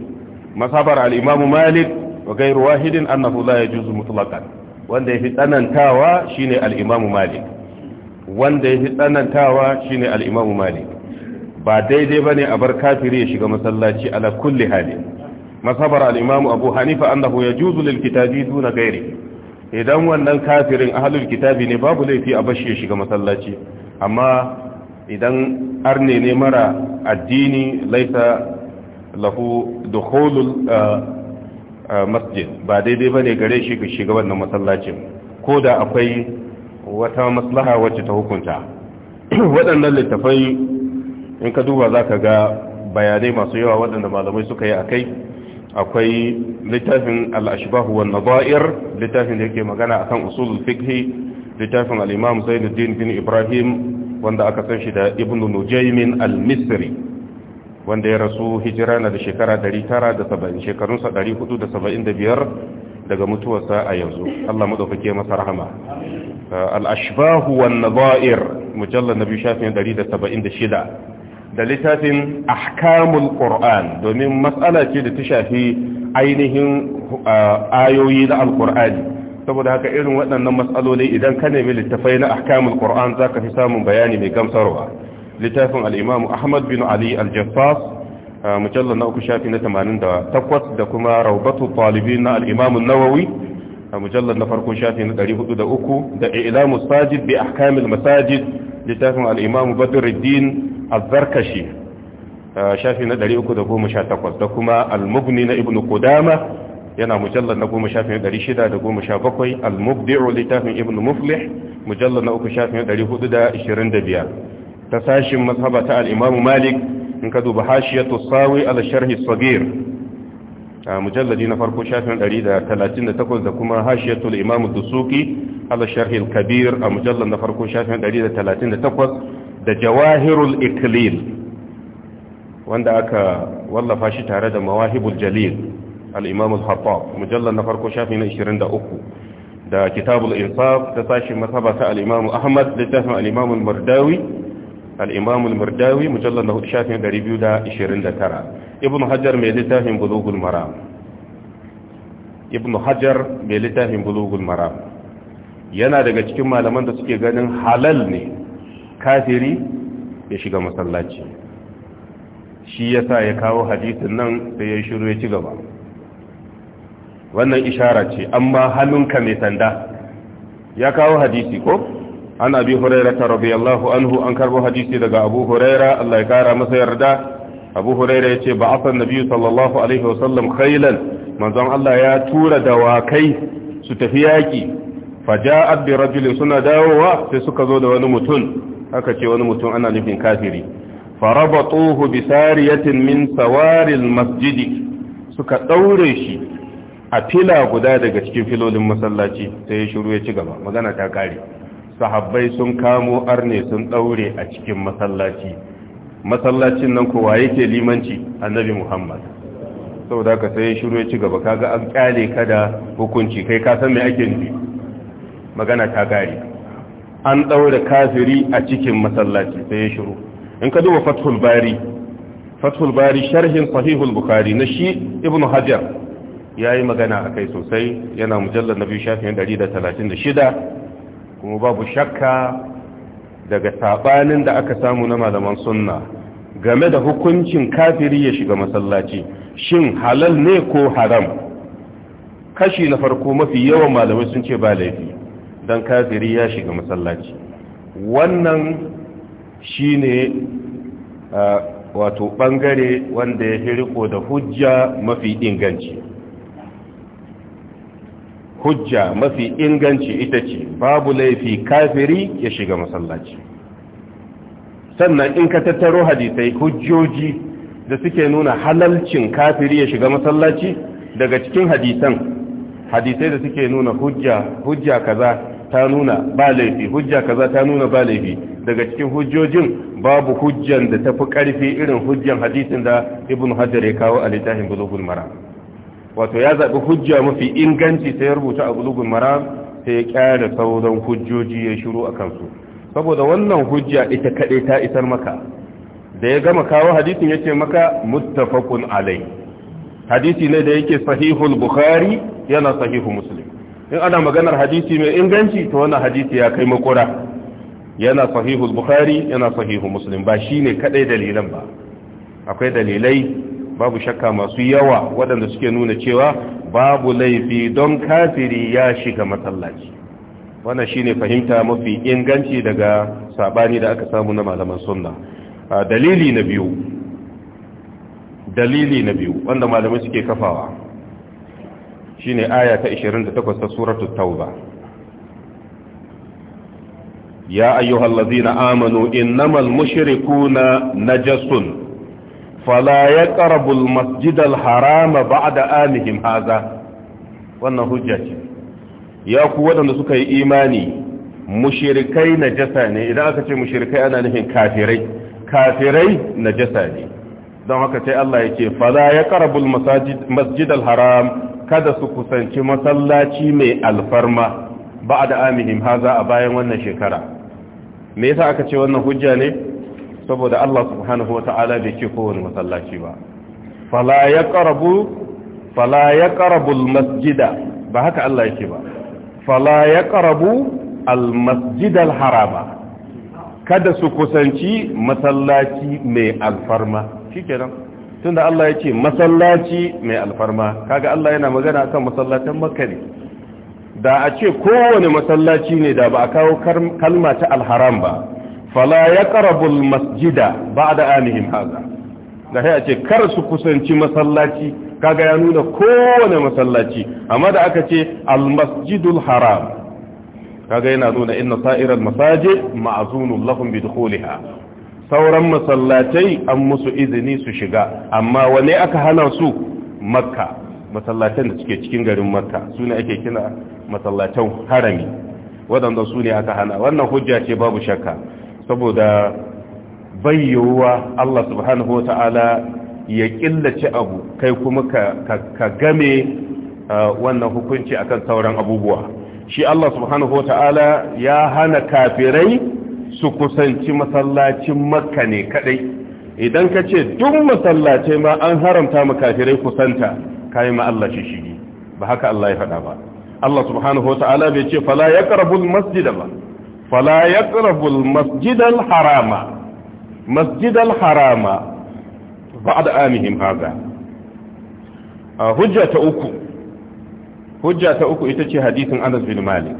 masabar al'imamu malik wa gairu wahidin annahu la yajuzu mutlaqan wanda yafi tsanantawa shine al malik wanda fi tsanantawa shine al malik ba daidai ne a bar kafiri ya shiga masallaci ala kulli hali masabar al abu hanifa annahu yajuzu lil kitabi duna gairi idan wannan kafirin ahlul kitabi ne babu laifi a bashi ya shiga masallaci amma idan arne ne mara addini laisa lahu dukhulul uh, uh, masjid ba daidai ba ne gare shi ga shiga na masallacin ko da akwai wata maslaha wacce ta hukunta (clears throat) waɗannan littafai in ka duba za ka ga bayanai masu yawa waɗanda malamai suka yi a kai akwai littafin al'ashibahu wa nazair littafin da yake magana a kan usulul fikhi littafin al'imam zainuddin bin ibrahim wanda aka san shi da ibn nujaimin al-misri wanda ya rasu hijira na da shekara 970 shekarunsa 475 daga mutuwarsa a yanzu Allah madaukake masa rahama uh, al wa wan nadha'ir mujallal nabi shafin 176 da littafin ahkamul qur'an domin mas'ala ce da ta shafi ainihin uh, ayoyi na al-qur'ani saboda haka irin waɗannan mas'aloli idan ka nemi littafai na ahkamul qur'an zaka fi samun bayani mai gamsarwa littafin al'imamu ahmad bin ali aljassas mujallar na uku shafi na 88 da kuma raubatu talibi na al'imamu nawawi mujallar na farko shafi na 403 da ilamu sajid bi ahkamil masajid littafin al'imamu badruddin azzarkashi shafi na 318 da kuma al-mugni na ibnu qudama yana mujallar na goma shafin ɗari shida da goma sha bakwai al-mubdi'u littafin ibn muflih mujallar na uku shafin ɗari hudu da ishirin da biyar ta sashin mazhaba ta al-Imam Malik in ka duba hashiyatu sawi ala sharh as-saghir a mujalladi na farko shafin 138 da kuma hashiyatu al-Imam ad-Dusuki ala sharh al-kabir a mujallad na farko shafin 138 da jawahirul iklil wanda aka wallafa shi tare da mawahibul jalil al-Imam al-Hattab mujallad na farko shafin 23 da kitabul insaf ta sashin masaba ta al-imamu ahmad littafin al-imamu mardawi al-imam al-murdawi mujallal na shafin 229 Ibn hajar mai littafin bulugul mara. hajar mai littafin yana daga cikin malaman da suke ganin halal ne kafiri ya shiga masallaci shi yasa ya kawo hadisin nan sai ya shiru ya ci gaba wannan ishara ce amma hannunka mai sanda ya kawo hadisi ko ana bi abi hurairata radiyallahu anhu an karbo hadisi daga abu huraira Allah ya kara masa yarda abu huraira ya ce ba'athan nabiyyu sallallahu alaihi wa sallam khailan manzon Allah ya tura dawakai su tafi yaki faja'at bi rajulin suna dawowa sai suka zo da wani mutum aka ce wani mutum ana nufin kafiri farabatuhu bi ya min sawaril masjidi suka daure shi a fila guda daga cikin filolin masallaci sai ya shiru ya ci gaba magana ta ƙare. sahabbai sun kamo arne sun daure a cikin masallaci masallacin nan kowa yake limanci annabi muhammad saboda ka sai shiru ya ci gaba kaga an kyale ka da hukunci kai ka san me ake nufi magana ta gari an daure kafiri a cikin masallaci sai ya shiru in ka duba fathul bari fathul bari sharhin sahihul bukhari na shi ibnu hajar yayi magana a kai sosai yana mujallar mujallal nabi shafin 136 kuma babu shakka daga saɓanin da aka samu na malaman sunna game da hukuncin kafiri ya shiga masallaci shin halal ne ko haram kashi na farko mafi yawan malamai sun ce ba laifi don kafiri ya shiga masallaci wannan shine uh, wato ɓangare wanda ya riko da hujja mafi inganci hujja mafi inganci ita ce babu laifi kafiri ya shiga masallaci sannan in ka tattaro hadisai hujjoji da suke nuna halalcin kafiri ya shiga masallaci daga cikin hadisan hadisai da suke nuna hujja hujja kaza ta nuna ba laifi hujja kaza ta nuna ba laifi daga cikin hujjojin babu hujjan da tafi karfi irin hujjan hadisin da ibnu hajar ya kawo a littafin bulughul maram wato ya zaɓi hujja mafi inganci sai ya rubuta a bulugun maram sai ya kyara sauran hujjoji ya shiru a kansu saboda wannan hujja ita kaɗai ta isar maka da ya gama kawo hadisin ya ce maka muttafaqun alai hadisi ne da yake sahihul bukhari yana sahihu muslim in ana maganar hadisi mai inganci to wannan hadisi ya kai makura yana sahihul bukhari yana sahihu muslim ba shine kadai dalilan ba akwai dalilai babu shakka masu yawa waɗanda suke nuna cewa babu laifi don kafiri ya shiga masallaci wannan shine fahimta mafi inganci daga sabani da aka samu na malaman sunna dalili na biyu dalili na biyu wanda malamai suke kafawa shine aya ta 28 ta suratul tauba ya ayyuhallazina amanu innamal na najasun fala ya ƙarabul masjidal harama ba da amihim haza wannan hujja ce ya ku waɗanda suka yi imani mushirikai na jasa ne idan aka ce mushirikai ana nufin kafirai kafirai na jasa ne don haka Allah ya ce fala ya ƙarabul masjidal haram kada su kusanci masallaci mai alfarma ba da amihim haza a bayan wannan shekara me yasa aka ce wannan hujja ne saboda Allah subhanahu wa ta'ala bai ce kowane masallaci ba fala ya ƙarabu fala ya masjida ba haka Allah yake ba fala ya ƙarabu almasjidal harama kada su kusanci masallaci mai alfarma shi kenan tun da Allah ya ce masallaci mai alfarma kaga Allah yana magana kan masallacin makka da a ce kowane masallaci ne da ba a kawo kalma ta alharam ba fala ya ƙarabul masjida ba da amihim haza da ya ce kar su kusanci masallaci kaga ya nuna kowane masallaci amma da aka ce almasjidul haram kaga yana nuna inna sa'irar masajid ma'azunun lahum bi dukhuliha sauran masallatai an musu izini su shiga amma wane aka hana su makka masallatan da suke cikin garin makka su ne ake kina masallatan harami waɗanda su ne aka hana wannan hujja ce babu shakka saboda bayyuwa Allah subhanahu wa ta'ala ya killace abu kai kuma ka game uh, wannan hukunci akan sauran abubuwa shi Allah subhanahu wa ta'ala ya hana kafirai su kusanci masallacin makka ne kadai idan ka ce duk masallacai ma an haramta mu kafirai kusanta kayi ma Allah shi ba haka Allah ya faɗa ba Allah subhanahu wa ta'ala bai ce fala ya ƙarabul masjida ba fala yaqrabu al-masjid al-harama masjid al-harama ba'da amihim hadha hujja ta uku hujja uku ita ce hadisin Anas bin Malik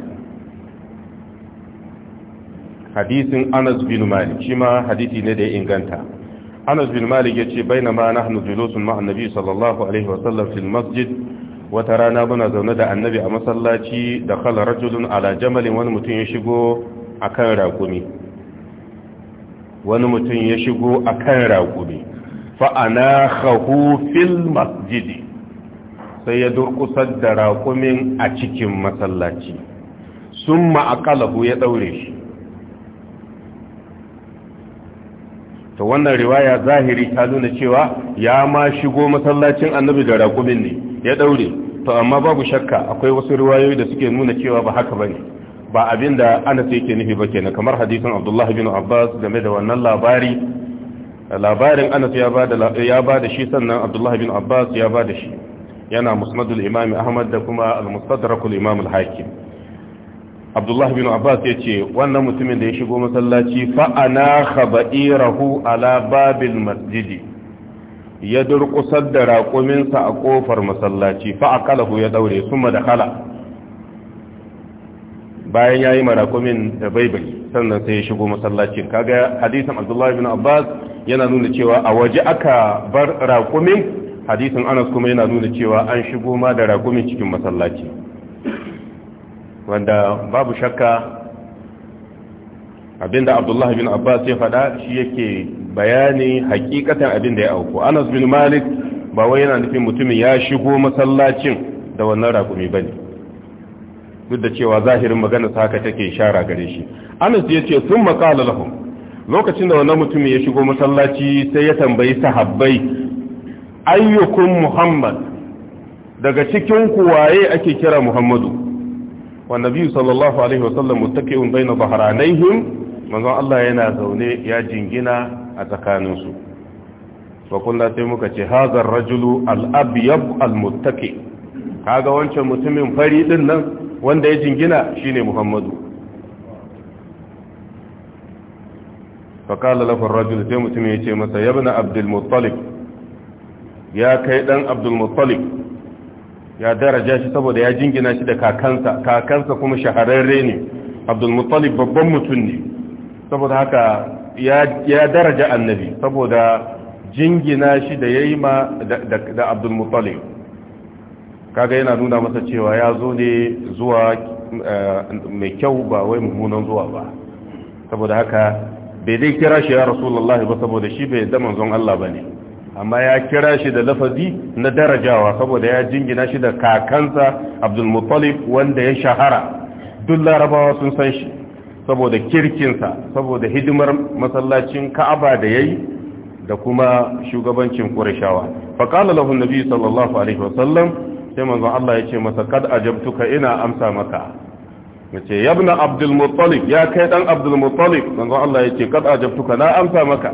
hadisin Anas bin Malik shi hadisi ne da ya inganta Anas bin Malik ya ce bainama nahnu julusun ma'an nabi sallallahu alaihi wa sallam fil wata rana muna zaune da annabi a masallaci da kala rajulun ala jamalin wani mutum ya shigo akan raƙumi wani mutum ya shigo akan raƙumi fa'ana fil masjidi sai ya durkusar da raƙumin a cikin masallaci sun ma'akalahu ya ɗaure shi To wannan riwaya zahiri ta nuna cewa ya ma shigo masallacin annabi da raƙumin ne ya ɗaure to amma babu shakka akwai wasu riwayoyi da suke nuna cewa ba haka ba ne ba abin da anas yake nufi ba kenan kamar hadisin abdullahi bin abbas game da wannan labari labarin anas ya ba da shi sannan abdullahi bin abbas ya ba da shi yana musnadul imami ahmad da kuma al-mustadrakul imam al-hakim abdullahi bin abbas ya ce wannan mutumin da ya shigo masallaci fa'ana khaba'irahu ala babil masjidi ya durƙusar da raƙuminsa a ƙofar masallaci fa'akalahu ya daure summa da kala bayan ya yi marakumin da baibai sannan sai ya shigo masallacin kaga hadisin abdullahi bin abbas yana nuna cewa a waje aka bar rakumin hadisin anas kuma yana nuna cewa an shigo ma da rakumin cikin masallaci wanda babu shakka abinda abdullahi bin abbas ya faɗa shi yake bayani hakikatan abinda ya auku anas bin malik ba wai yana nufin mutumin ya shigo masallacin da wannan rakumi bane duk da cewa zahirin magana sa haka take ishara gare shi Anas ya ce sun makala lokacin da wannan mutum ya shigo masallaci sai ya tambayi sahabbai Ayyukun Muhammad daga cikin ku waye ake kira Muhammadu wa nabiyyu sallallahu alaihi wasallam muttaqiun baina dhahranayhim manzon Allah yana zaune ya jingina a tsakaninsu fakunna sai muka ce hazar rajulu al'abiyab al Ka kaga wancan mutumin fari din nan wanda ya jingina shine muhammadu faƙala lafar rajul sai mutum ya ce masa ya bina abdulmuttalib ya kai ɗan abdulmuttalib ya daraja shi saboda ya jingina shi da kakansa kakansa kuma shahararre ne abdulmuttalib babban mutum ne saboda haka ya daraja annabi saboda jingina shi da ya yi ma da abdulmuttalib kaga yana nuna masa cewa ya zo ne zuwa eh, mai kyau ba wai mummunan zuwa ba saboda haka bai dai kira shi ya rasulullahi ba saboda shi bai da manzon Allah ba ne amma ya kira shi da lafazi na darajawa saboda ya jingina shi da kakansa abdulmuttalib wanda ya shahara duk larabawa sun san shi saboda kirkinsa saboda hidimar masallacin ka'aba da yayi da kuma shugabancin qurayshawa faqala nabi sallallahu alaihi wasallam sai manzon Allah ya ce masa kad ajabtuka ina amsa maka mace yabna abdul muttalib ya kai dan abdul muttalib manzon Allah ya ce kad ajabtuka na amsa maka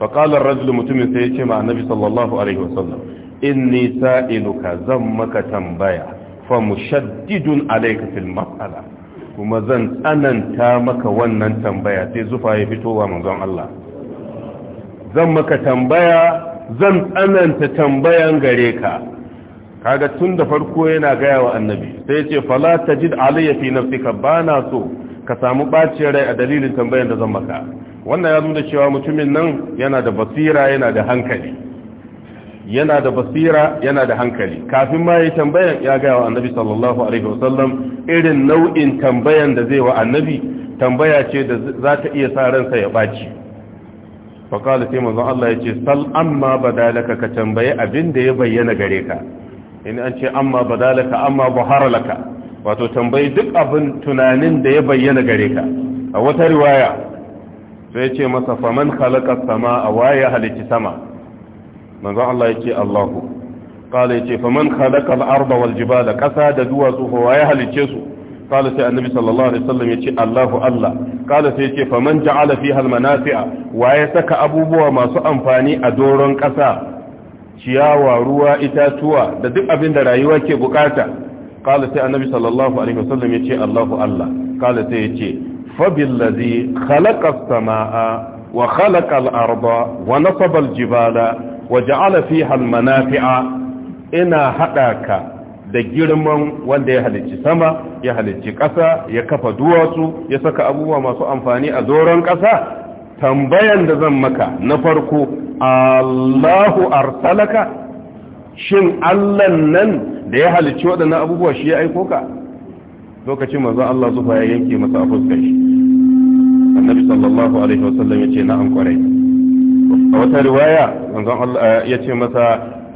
fa qala ar-rajul mutumin sai ya ce ma annabi sallallahu alaihi wasallam inni sa'iluka zan maka tambaya fa mushaddidun alayka fil mas'ala kuma zan tsananta maka wannan tambaya sai zufa ya fitowa manzon Allah zan maka tambaya zan tsananta tambayan gare ka kaga tun da farko yana gaya wa annabi sai ya ce fala tajid alayya fi nafsika bana so ka samu bacin rai a dalilin tambayar da zan maka wannan ya da cewa mutumin nan yana da basira yana da hankali yana da basira yana da hankali kafin ma ya tambayar ya gaya wa annabi sallallahu alaihi wasallam irin nau'in tambayan da zai wa annabi tambaya ce da za ta iya sa ransa ya baci faƙala sai manzon Allah ya ce sal amma badalaka ka tambaye abin da ya bayyana gare ka in an ce amma badalaka amma buharalaka wato tambayi duk abin tunanin da ya bayyana gare ka a wata riwaya sai ce masa faman khalaqa sama a waya halici sama manzo Allah yake Allahu qala yace faman khalaqa al-arda wal jibala qasa da duwatsu fa waya halice su qala sai annabi sallallahu alaihi wasallam yace Allahu Allah qala sai yace faman ja'ala fiha al-manafi'a ya saka abubuwa masu amfani a doron kasa ciyawa ruwa itatuwa da duk abin da rayuwa ke bukata kala sai annabi sallallahu alaihi wasallam yace Allahu Allah kala sai yace fa billazi khalaqa as-samaa wa khalaqa al-arda wa nasaba al-jibala wa ja'ala fiha al-manafi'a ina hadaka da girman wanda ya halicci sama ya halicci ƙasa ya kafa duwatsu ya saka abubuwa masu amfani a doron ƙasa tambayan da zan maka na farko Allahu arsalaka shin allan nan da ya halicci waɗannan abubuwa shi ya aiko ka lokacin manzo Allah zuwa ya yanke masa a fuskar shi annabi sallallahu alaihi wasallam yace na'am kwarai a wata riwaya manzo Allah eh, ce masa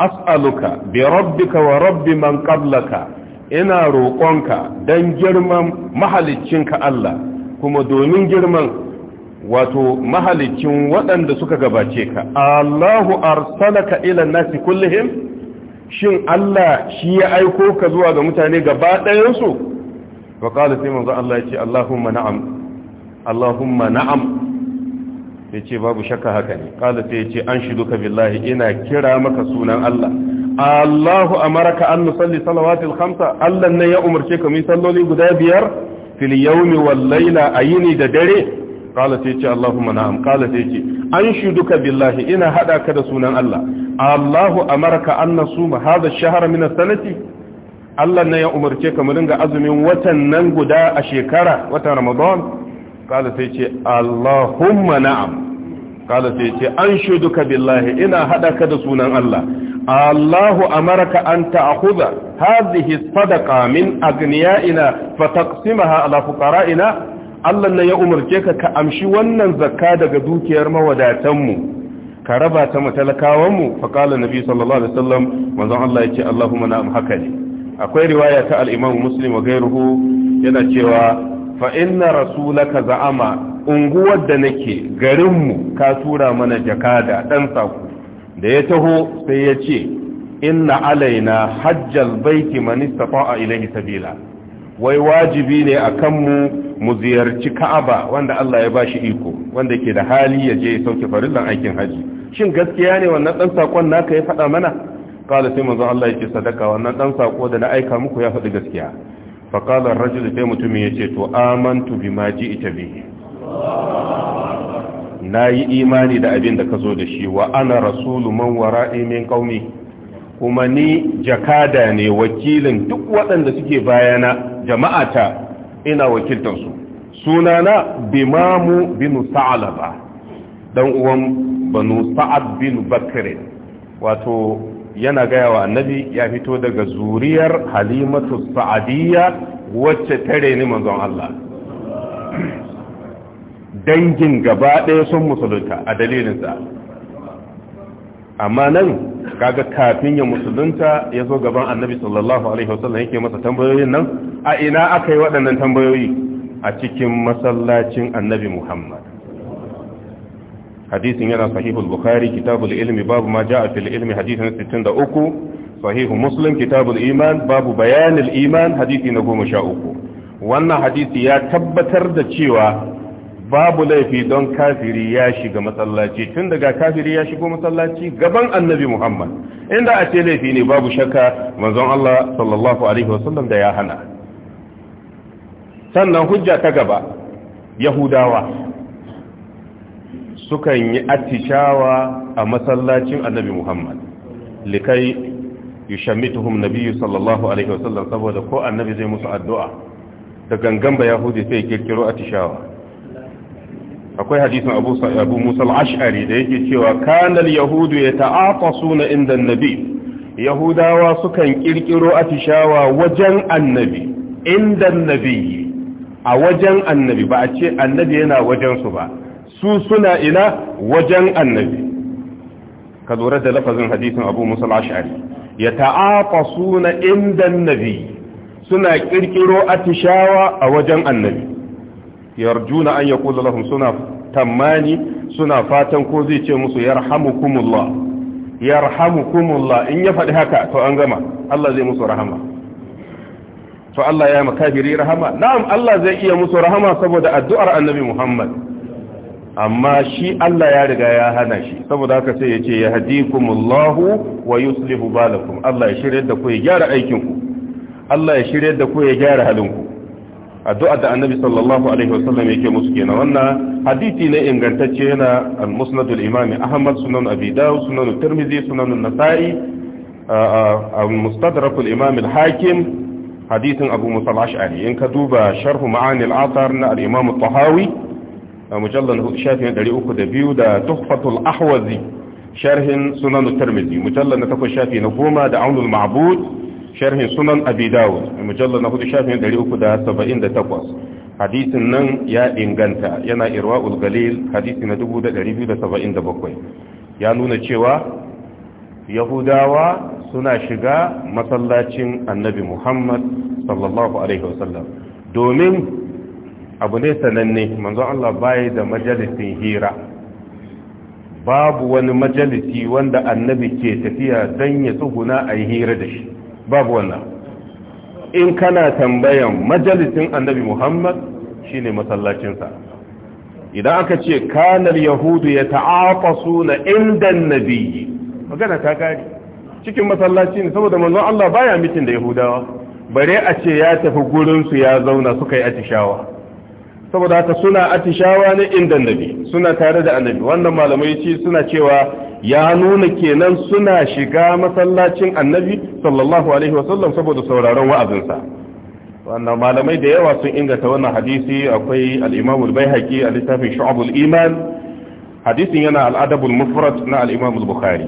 as'aluka bi rabbika wa rabbi man qablaka ina roƙonka dan girman mahaliccinka Allah kuma domin girman wato mahalicin waɗanda suka gabace ka Allahu arsalaka ila nasi kullihim shin Allah shi ya aiko ka zuwa ga mutane gaba ɗayan su fa qala sai manzo Allah yace Allahumma na'am Allahumma na'am yace babu shakka haka ne qala sai yace an shiduka billahi ina kira maka sunan Allah Allahu amaraka an nusalli salawatil khamsa Allah ne ya umarce ka mu salloli guda biyar fil yawmi wal layla ayini da dare qala sai ce allahumma na'am qala ce an shuduka ina hada ka sunan Allah Allahu amarka an nasuma hadha ash-shahr min sanati Allah ne ya umarce ka mu dinga azumin watan nan guda a shekara watan Ramadan qala ce Allahumma na'am qala ce an shuduka ina hada ka da sunan Allah Allahu amarka an ta'khudha hadhihi as-sadaqa agniya ina fa taqsimaha ala Allah na ya umarce ka ka amshi wannan zakka daga dukiyar mawadatanmu ka raba ta matalakawanmu faƙalar nabi sallallahu alaihi wasallam manzon Allah ya ce Allahumma na'am haka ne akwai riwaya ta al-Imam Muslim wa gairuhu yana cewa fa inna rasulaka za'ama unguwar da nake garinmu ka tura mana jakada dan saku da ya taho sai ya ce inna alaina hajjal baiti man istata'a ilayhi sabila wai wajibi ne a kanmu mu ziyarci ka'aba wanda Allah ya ba shi iko wanda ke da hali ya je ya sauke farillan aikin haji shin gaskiya ne wannan dan sakon naka ya faɗa mana qala sai manzo Allah yake sadaka wannan dan sako da na aika muku ya faɗi gaskiya fa qala ar-rajulu sai mutumin yace to amantu bima ji'ta bihi nayi imani da abin da ka zo da shi wa ana rasulu man wara'i min qaumi kuma ni jakada ne wakilin duk waɗanda suke bayana jama'ata ina wakiltansu sunana bimamu binu sa'alaba dan uwan banu sa'ad bin bakr wato yana gaya wa annabi ya fito daga zuriyar halimatu sa'adiyya wacce tare ni manzon Allah dangin gaba ɗaya sun musulunta a dalilinsa amma nan kaga kafin ya musulunta ya zo gaban annabi sallallahu alaihi wasallam yake masa tambayoyin nan a ina aka yi waɗannan tambayoyi a cikin masallacin annabi muhammad hadisin yana sahihul bukhari kitabul ilmi babu ma ja'a fil ilmi hadisin 63 sahihu muslim kitabul iman babu bayanil iman hadisi na 13 wannan hadisi ya tabbatar da cewa babu laifi don kafiri ya shiga masallaci tun daga kafiri ya shigo masallaci gaban annabi muhammad inda a ce laifi ne babu shakka manzon Allah sallallahu alaihi wasallam da ya hana sannan hujja ta gaba yahudawa sukan yi attishawa a masallacin annabi muhammad likai yushammituhum nabiyyu sallallahu alaihi wasallam saboda ko annabi zai musu addu'a da gangan ba yahudi sai kirkiro attishawa akwai hadisin abu abu musa al-ash'ari da yake cewa kana al-yahudu yata'atasuna inda an-nabi yahudawa sukan kirkiro atishawa wajen annabi inda an-nabi a wajen annabi ba a ce annabi yana wajen su ba su suna ina wajen annabi ka lura da lafazin hadisin abu musa al-ash'ari yata'atasuna inda an-nabi suna kirkiro atishawa a wajen annabi yarjuna an yaqulu lahum suna tamani suna fatan ko zai ce musu yarhamukumullah yarhamukumullah in ya faɗi haka to an gama Allah zai musu rahama to Allah ya makafiri rahama na'am Allah zai iya musu rahama saboda addu'ar annabi Muhammad amma shi Allah ya riga ya hana shi saboda haka sai ya ce ya hadikumullahu wa yuslihu balakum Allah ya shirye da ku ya gyara aikinku Allah ya shirye da ku ya gyara halinku addu'a da annabi sallallahu alaihi wasallam yake musu kenan wannan hadisi ne ingantacce yana al-musnad al-imam ahmad sunan abi dawud sunan tirmidhi sunan an-nasa'i uh, uh, al-mustadrak al-imam al-hakim hadithin abu musa al-ash'ari in ka duba sharh ma'ani al-athar na al-imam al-tahawi uh, mujallal shafin 302 da tuhfatul ahwazi sharhin sunan tirmidhi mujallal na takwas shafi na goma da aunul ma'bud sharhin sunan abi mujallar na hudu shafin 378 hadisin nan ya inganta yana Irwa Ulgalil hadisi na 2277 ya nuna cewa yahudawa suna shiga masallacin annabi muhammad sallallahu alaihi wasallam domin abu ne sananne manzon Allah baya da majalisin hira babu wani majalisi wanda annabi ke tafiya don ya tsuguna a yi hira da shi babu wannan in kana tambayan majalisin annabi muhammad shine masallacinsa idan aka ce kanar yahudu ya ta'afasu na inda nabiyyi magana ta gari cikin masallaci ne saboda manzon Allah baya mitin da yahudawa bare a ce ya tafi gurinsu ya zauna suka yi atishawa saboda haka suna atishawa ne inda nabi suna tare da annabi wannan malamai ce suna cewa ya nuna kenan suna shiga masallacin annabi sallallahu alaihi wasallam saboda sauraron wa'azinsa wannan malamai da yawa sun inganta wannan hadisi akwai al-imam al-baihaqi a littafin shu'abul iman hadisin yana al-adabul mufrad na al-imam al-bukhari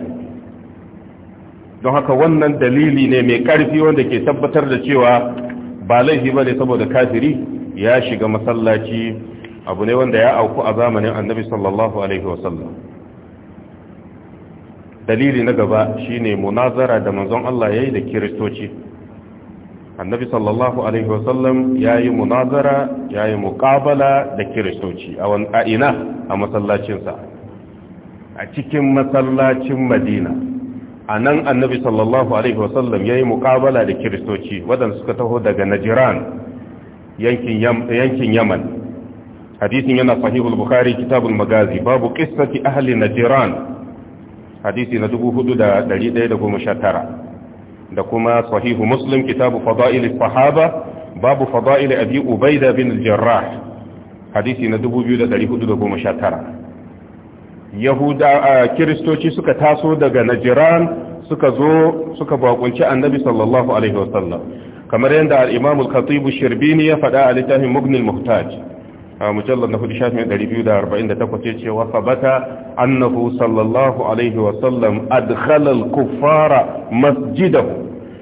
don haka wannan dalili ne mai karfi wanda ke tabbatar da cewa ba laifi bane saboda kafiri ya shiga masallaci abu ne wanda ya auku a zamanin annabi sallallahu alaihi wasallam dalili na gaba shine munazara da manzon Allah yayi da kiristoci annabi sallallahu alaihi wasallam yayi munazara yayi muqabala da kiristoci a wani ina a masallacinsa. a cikin masallacin Madina a nan annabi sallallahu alaihi wasallam yayi muqabala da kiristoci wadanda suka taho daga Najran yankin yankin Yaman hadisin yana sahihul bukhari kitabul magazi babu qissati ahli Najran hadisi na dubu 4119 da ɗari ɗaya da da goma sha tara, kuma sahihu muslim kitabu fada'il sahaba babu fada'il abi ubaida bin jarrah hadisi na dubu biyu da da ɗari goma sha tara. yahuda kiristoci suka taso daga najiran suka zo suka bakunci annabi sallallahu alaihi wasallam kamar yadda al-imam khatib shirbini ya faɗa a littafin mughnil muhtaj mujallar na hudu shafin 248 ya ce wa sabata annahu sallallahu alaihi wasallam adhalal kuffara masjidahu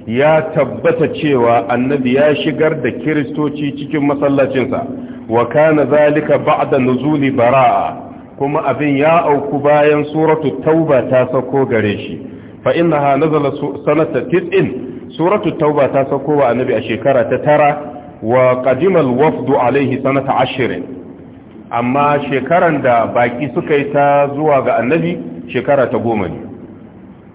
ya tabbata cewa annabi ya shigar da kiristoci cikin masallacinsa wa kana zalika ba'da nuzuli bara'a kuma abin ya auku bayan suratu tauba ta sako gare shi fa innaha nazala sanata 90 suratu tauba ta sako wa annabi a shekara ta tara wa qadimal wafdu alaihi sanata ashirin amma shekaran da baki suka yi ta zuwa ga annabi shekara ta goma ne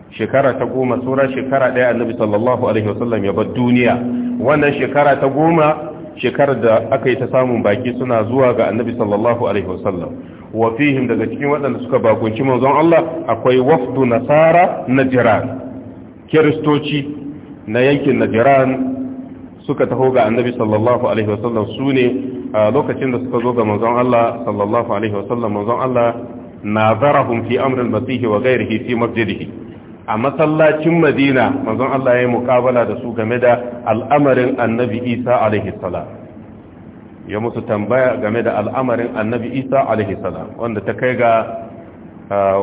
shekara ta goma tsora shekara ɗaya annabi sallallahu alaihi wasallam ya bar duniya wannan shekara ta goma shekarar da aka yi ta samun baki suna zuwa ga annabi sallallahu alaihi wasallam wa fihim daga cikin waɗanda suka bakunci manzon Allah akwai wafdu nasara na jiran kiristoci na yankin na jiran suka taho ga annabi sallallahu alaihi wasallam su ne lokacin da suka zo ga manzon Allah sallallahu alaihi wasallam manzon Allah nazarahum fi amril masihi wa ghairihi fi masjidihi a masallacin Madina manzon Allah ya yi mukabala da su game da al'amarin annabi Isa alaihi salam ya musu tambaya game da al'amarin annabi Isa alaihi salam wanda ta kai ga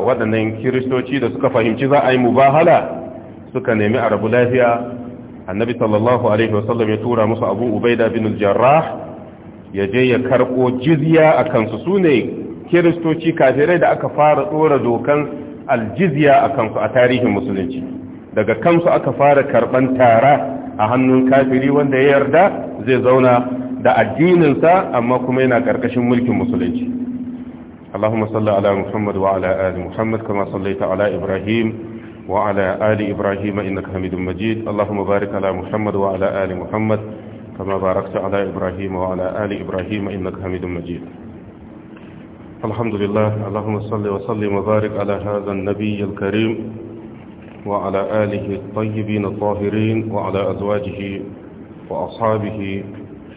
waɗannan kiristoci da suka fahimci za a yi mubahala suka nemi a rabu lafiya annabi sallallahu alaihi wasallam ya tura musu abu ubaida bin jarrah ya je ya karɓo jizya a kansu su ne kiristoci kafirai da aka fara tsora dokan aljiziya a kansu a tarihin musulunci daga kansu aka fara karban tara a hannun kafiri wanda ya yarda zai zauna da addininsa amma kuma yana karkashin mulkin musulunci اللهم صل على وعلى آل إبراهيم إنك حميد مجيد اللهم بارك على محمد وعلى آل محمد كما باركت على إبراهيم وعلى آل إبراهيم إنك حميد مجيد الحمد لله اللهم صل وسلم وبارك على هذا النبي الكريم وعلى آله الطيبين الطاهرين وعلى أزواجه وأصحابه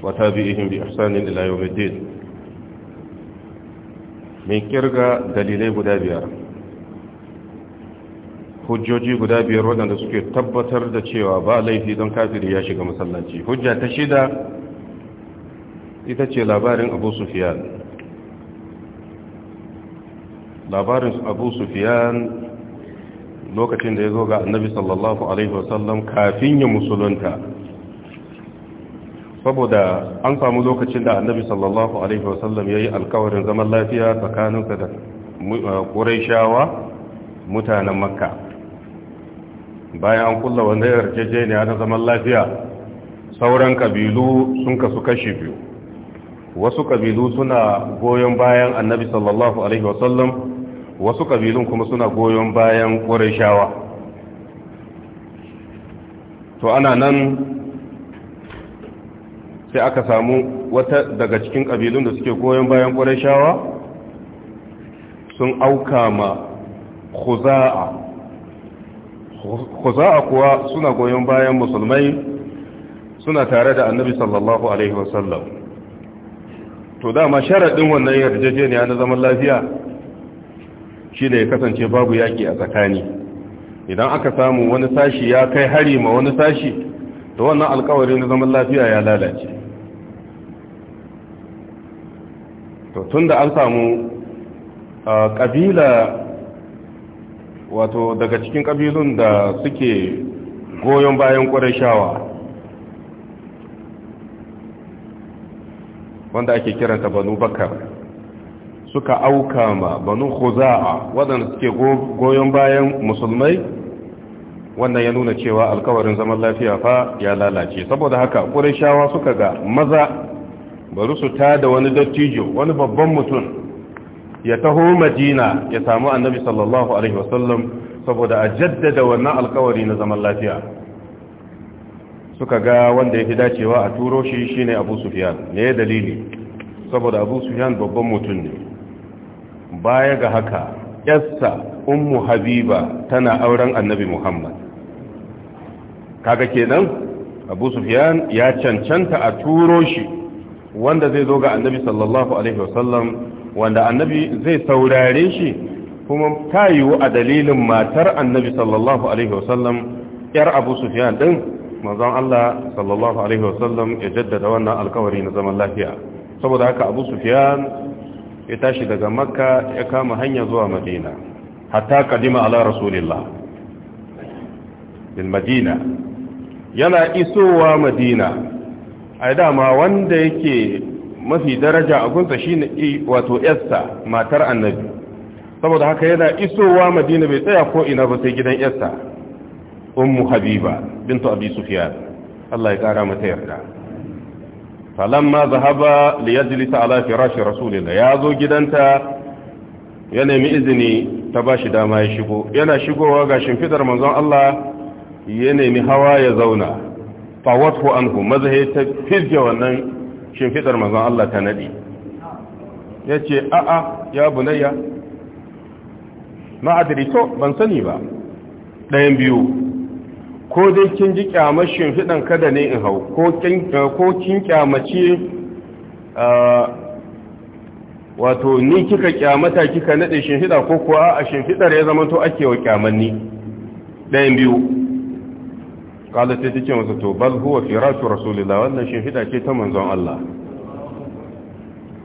وتابعهم بإحسان إلى يوم الدين من كرغة دليلي بدابيار hujjoji guda biyar waɗanda suke tabbatar da cewa ba laifi don kafiri ya shiga masallaci hujja ta shida ita ce labarin abu sufiyan labarin abu sufiyan lokacin da ya zo ga annabi sallallahu alaihi wasallam kafin ya musulunta saboda an samu lokacin da annabi sallallahu alaihi wasallam ya yi alkawarin zaman lafiya tsakaninsa da uh, shawa mutanen makka bayan an kulla wanda yarjejeniya na zaman lafiya sauran kabilu sun kasu kashi biyu wasu kabilu suna goyon bayan annabi sallallahu alaihi wasallam wasu kabilun kuma suna goyon bayan ƙurashawa to ana nan sai aka samu wata daga cikin kabilun da suke goyon bayan ƙurashawa sun auka ma khuza'a khuza'a kuwa suna goyon bayan musulmai suna tare da annabi sallallahu alaihi wasallam to dama sharadin wannan yarjejeniya na zaman lafiya shi da ya kasance babu yaki a tsakani idan aka samu wani sashi ya kai hari ma wani sashi to wannan alkawari na zaman lafiya ya lalace to tunda an samu kabila ah, wato daga cikin ƙabilun da suke goyon bayan ƙwarashawa wanda ake kiranta banu bakar suka auka ma banu khuza'a waɗanda suke goyon bayan musulmai wannan ya nuna cewa alkawarin zaman lafiya fa ya lalace saboda haka ƙurashawa suka ga maza bari su tada wani dattijo wani babban mutum ya taho madina ya samu annabi sallallahu alaihi wasallam saboda a jaddada wannan alkawari na zaman lafiya suka ga wanda ya fi dacewa a turo shi shine abu sufyan ne dalili saboda abu sufyan babban mutum ne baya ga haka yassa ummu habiba tana auren annabi muhammad kaga kenan abu sufyan ya cancanta a turo shi wanda zai zo ga annabi sallallahu alaihi wasallam wanda annabi zai saurare shi kuma ta yiwu a dalilin matar annabi sallallahu alaihi wasallam yar abu sufiyan din manzon Allah sallallahu alaihi wasallam ya jaddada wannan alkawari na zaman lafiya saboda haka abu sufiyan ya tashi daga makka ya kama hanya zuwa madina hatta kadima ala rasulillah bil madina yana isowa madina ai dama wanda yake mafi daraja a gunsa shine wato Esther matar Annabi saboda haka yana isowa Madina bai tsaya ko ina ba sai gidan Esther ummu Habiba bintu Abi Sufyan Allah ya kara mata yarda falamma zahaba liyajlisa ala firashi rasulillah zo gidanta ya nemi izini ta bashi dama ya shigo yana shigowa ga shimfidar manzon Allah ya nemi hawa ya zauna fawathu anhu maza ta fizge wannan shimfidar manzon Allah ta nadi ya ce a'a ya bunayya ma'adari to ban sani ba ɗayan biyu ko dai kin ji kyamar shimfidan kada ne in hau ko kin kyamace wato ni kika kyamata kika nade shimfida ko kuwa a shimfidar ya zama to ake wa kyamanni ɗayan biyu kala sai take masa to bal huwa firashu rasulillah wannan shimfida ce ta manzon Allah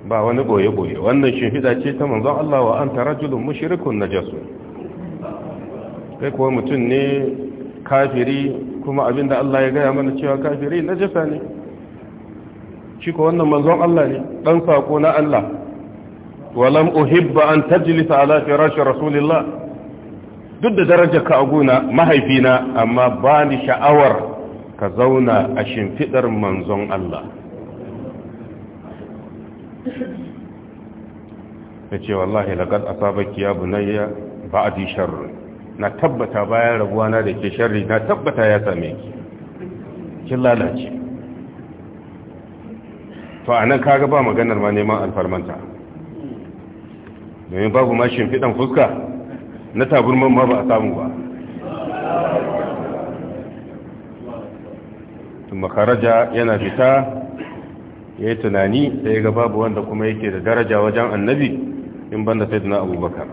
ba wani goye goye wannan shimfida ce ta manzon Allah wa anta rajulun mushrikun najas kai kuwa mutum ne kafiri kuma abinda Allah ya gaya mana cewa kafiri najasa ne shi ko wannan manzon Allah ne dan sako na Allah walam uhibba an tajlisa ala firashi rasulillah duk da darajar ka aguna mahaifina amma ba ni sha'awar ka zauna a shimfidar manzon Allah ya ce wallahi laƙar asabaki ya bunayya ba a sharri na tabbata bayan na da ke sharri na tabbata ya same ki kin lalace to a nan kaga ba maganar ma neman alfarmanta domin babu ma shimfiɗan fuska na taburman ma ba a samu ba makaraja yana fita ya yi tunani sai ga babu wanda kuma yake da daraja wajen annabi in banda sai na abubakar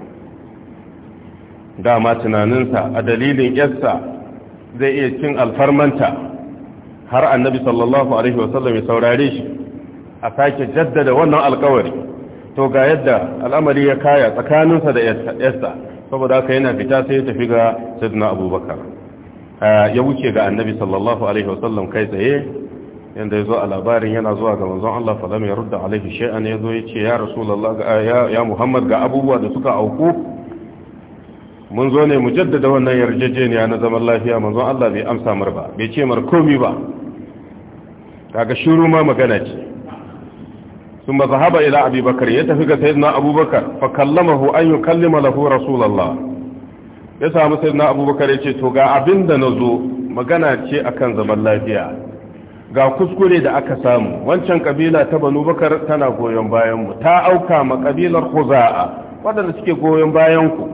dama tunaninsa a dalilin yarsa zai iya cin alfarmanta har annabi sallallahu alaihi wasallam ya saurare shi a sake jaddada wannan alkawari to ga yadda al'amari ya kaya tsakaninsa da yarsa saboda haka yana fita sai ya tafi ga sayyidina abubakar ya wuce ga annabi sallallahu alaihi wasallam kai tsaye yanda ya zo a labarin yana zuwa ga manzon Allah falam ya rudda alaihi shay'an ya zo ya ce ya rasulullah ya ya muhammad ga abubuwa da suka auku mun zo ne mu jaddada wannan yarjejeniya na zaman lafiya manzon Allah bai amsa mar ba bai ce mar komi ba kaga shiru ma magana ce ثم ذهب إلى أبي بكر يتفق سيدنا أبو بكر فكلمه أن يكلم له رسول الله يسام سيدنا أبو بكر يتفق توقع أبن na zo magana ce akan zaman lafiya. ga kuskure da aka samu wancan kabila ta banu bakar tana goyon bayanmu ta auka ma kabilar huza'a waɗanda suke goyon bayanku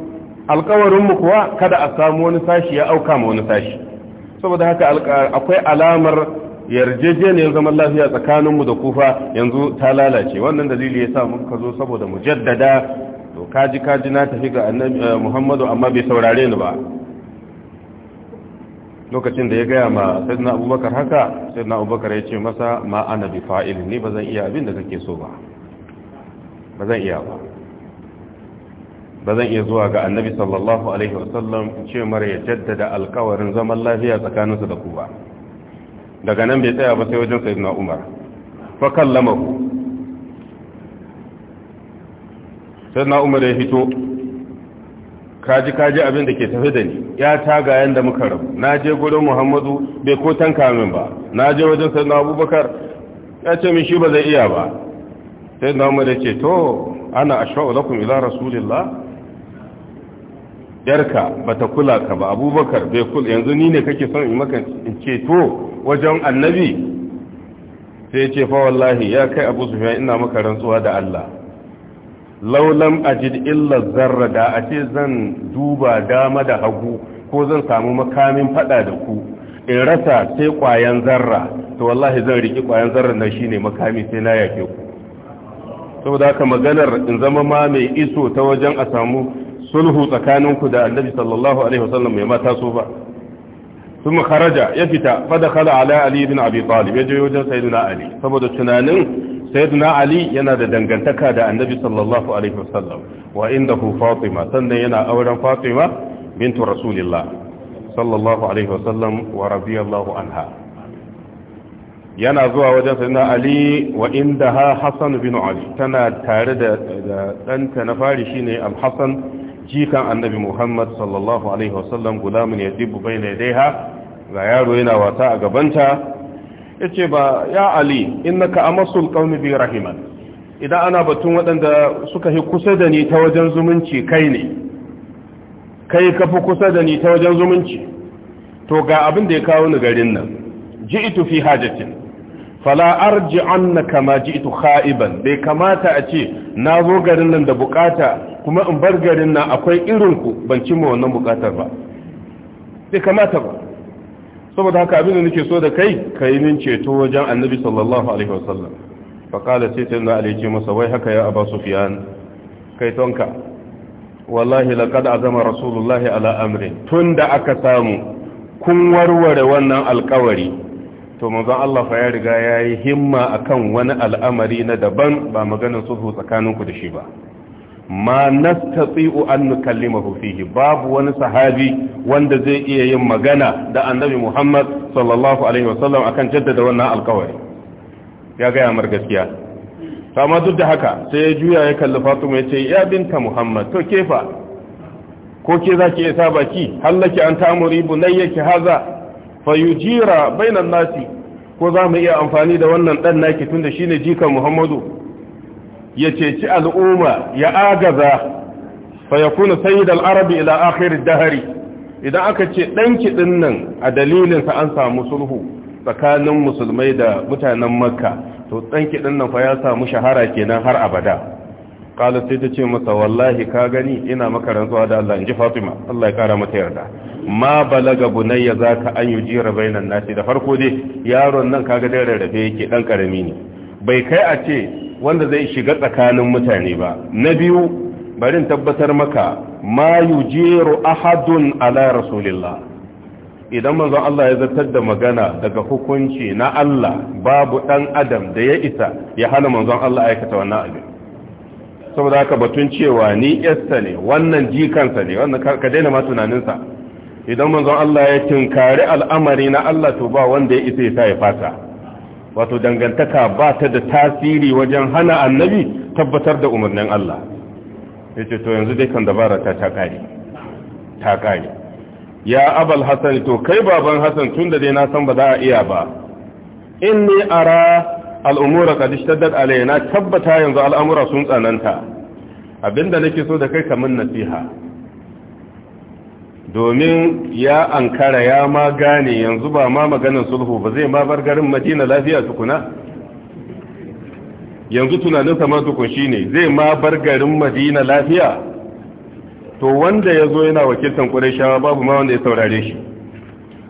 alkawarinmu kuwa kada a samu wani sashi ya auka ma wani sashi saboda haka akwai alamar yarjejeniyar zaman lafiya tsakaninmu da kufa yanzu ta lalace wannan dalili ya sa muka zo saboda mu jaddada to kaji kaji na tafi ga annabi eh, muhammadu amma bai saurare ni ba lokacin da ya gaya ma sayyidina abubakar haka sayyidina abubakar ya ce masa ma ana bi fa'il ni ba zan iya abin da kake so ba ba zan iya ba ba zan iya zuwa ga annabi sallallahu alaihi wasallam ce mara ya jaddada alkawarin zaman lafiya tsakaninsu da ku ba daga nan bai tsaya ba sai wajen sayyidina umar fa kallamahu sayyidina umar ya fito kaji kaji abin da ke tafi da ni ya taga yanda muka rabu na je gurin muhammadu bai ko tanka min ba na je wajen sayyidina abubakar ya ce min shi ba zai iya ba sayyidina umar ya ce to ana ashwa'u lakum ila rasulillah yarka bata kula ka ba abubakar bai kula yanzu ni ne kake son in maka in ceto wajen annabi sai ce fa wallahi ya kai abu sufyan ina maka rantsuwa da Allah laulam ajid illa zarra da a ce zan duba dama da hagu ko zan samu makamin fada da ku in rasa sai kwayan zarra to wallahi zan riki kwayan zarra na shine makami sai na yake ku saboda haka maganar in zama ma mai iso ta wajen a samu sulhu tsakaninku da annabi sallallahu alaihi wasallam mai mata so ba ya ثم خرج يفتا فدخل على علي بن أبي طالب يجي wajen سيدنا ali saboda tunanin sayyidina ali yana da dangantaka da annabi sallallahu alaihi wasallam wa indahu fatima sannan yana auren fatima bintu rasulillah sallallahu alaihi wasallam wa radiyallahu anha yana zuwa wajen sayyidina ali wa indaha hasan bin ali tana tare da danta na fari shine al-hasan jikan annabi muhammad sallallahu alaihi wasallam gulamun ya dibu bai daidaiha ga yaro yana wasa a gabanta ya ce ba ya ali innaka amasul qaumi bi rahiman idan ana batun waɗanda suka yi kusa da ni ta wajen zumunci kai ne kai ka fi kusa da ni ta wajen zumunci to ga abin da ya kawo ni garin nan ji'tu fi hajatin fala arji annaka ma ji'tu kha'iban bai kamata a ce na zo garin nan da bukata kuma in bar garin na akwai irin ku ban cimma wannan bukatar ba sai kamata ba saboda haka abin da nake so da kai ka yi min ceto wajen annabi sallallahu alaihi wasallam faƙala sai sai na alaihi masa wai haka ya abu sufyan kai tonka wallahi laqad azama rasulullahi ala amri tunda aka samu kun warware wannan alƙawari to manzon Allah fa ya riga yayi himma akan wani al'amari na daban ba maganar sulhu tsakaninku da shi ba ma nastati'u an nukallimahu fihi babu wani sahabi wanda zai iya yin magana da annabi Muhammad sallallahu alaihi wasallam akan jaddada wannan alƙawari ya ga yamar gaskiya amma duk da haka sai ya juya ya kalli Fatima ya ce ya binta Muhammad to kefa ko ke zaki iya sa baki hallaki an ta'muri bunayyaki haza fayujira bainan nasi ko za mu iya amfani da wannan dan naki tunda shine jikan Muhammadu ya ceci al'umma ya agaza fa kuna sayyid al ila akhir Dahari idan aka ce danki nan a dalilin sa an samu sulhu tsakanin musulmai da mutanen makka to danki nan fa ya samu shahara kenan har abada kala sai ta ce masa wallahi ka gani ina maka rantsuwa da Allah in ji Fatima Allah ya kara mata yarda ma balaga bunayya zaka an jira bainan nasi da farko dai yaron nan kaga dai rarrafe yake dan karami ne bai kai a ce wanda zai shiga tsakanin mutane ba na biyu barin tabbatar maka ma yujiru ahadun ala rasulillah idan manzon Allah ya zartar da magana daga hukunci na Allah babu dan adam da ya isa ya hana manzon Allah aikata wannan abin saboda haka batun cewa ni yasta ne wannan jikansa ne wannan ka daina ma tunaninsa idan manzo Allah ya tinkari al'amari na Allah to ba wanda ya isa ya sa ya fata wato dangantaka ba ta da tasiri wajen hana annabi tabbatar da umarnin Allah ya ce to yanzu dai kan dabara ta ta ya abal hasan to kai baban Hassan tun da dai na san ba za a iya ba inni ara al'umura ka dishtaddat alayya na tabbata yanzu al'amura sun tsananta abinda nake so da kai kamun nasiha domin ya ankara ya ma gane yanzu ba ma maganin sulhu ba zai ma bar garin madina lafiya tukuna yanzu tunanin sama tukun shi ne zai ma bar garin madina lafiya to wanda ya zo yana wakiltan shawa babu ma wanda ya saurare shi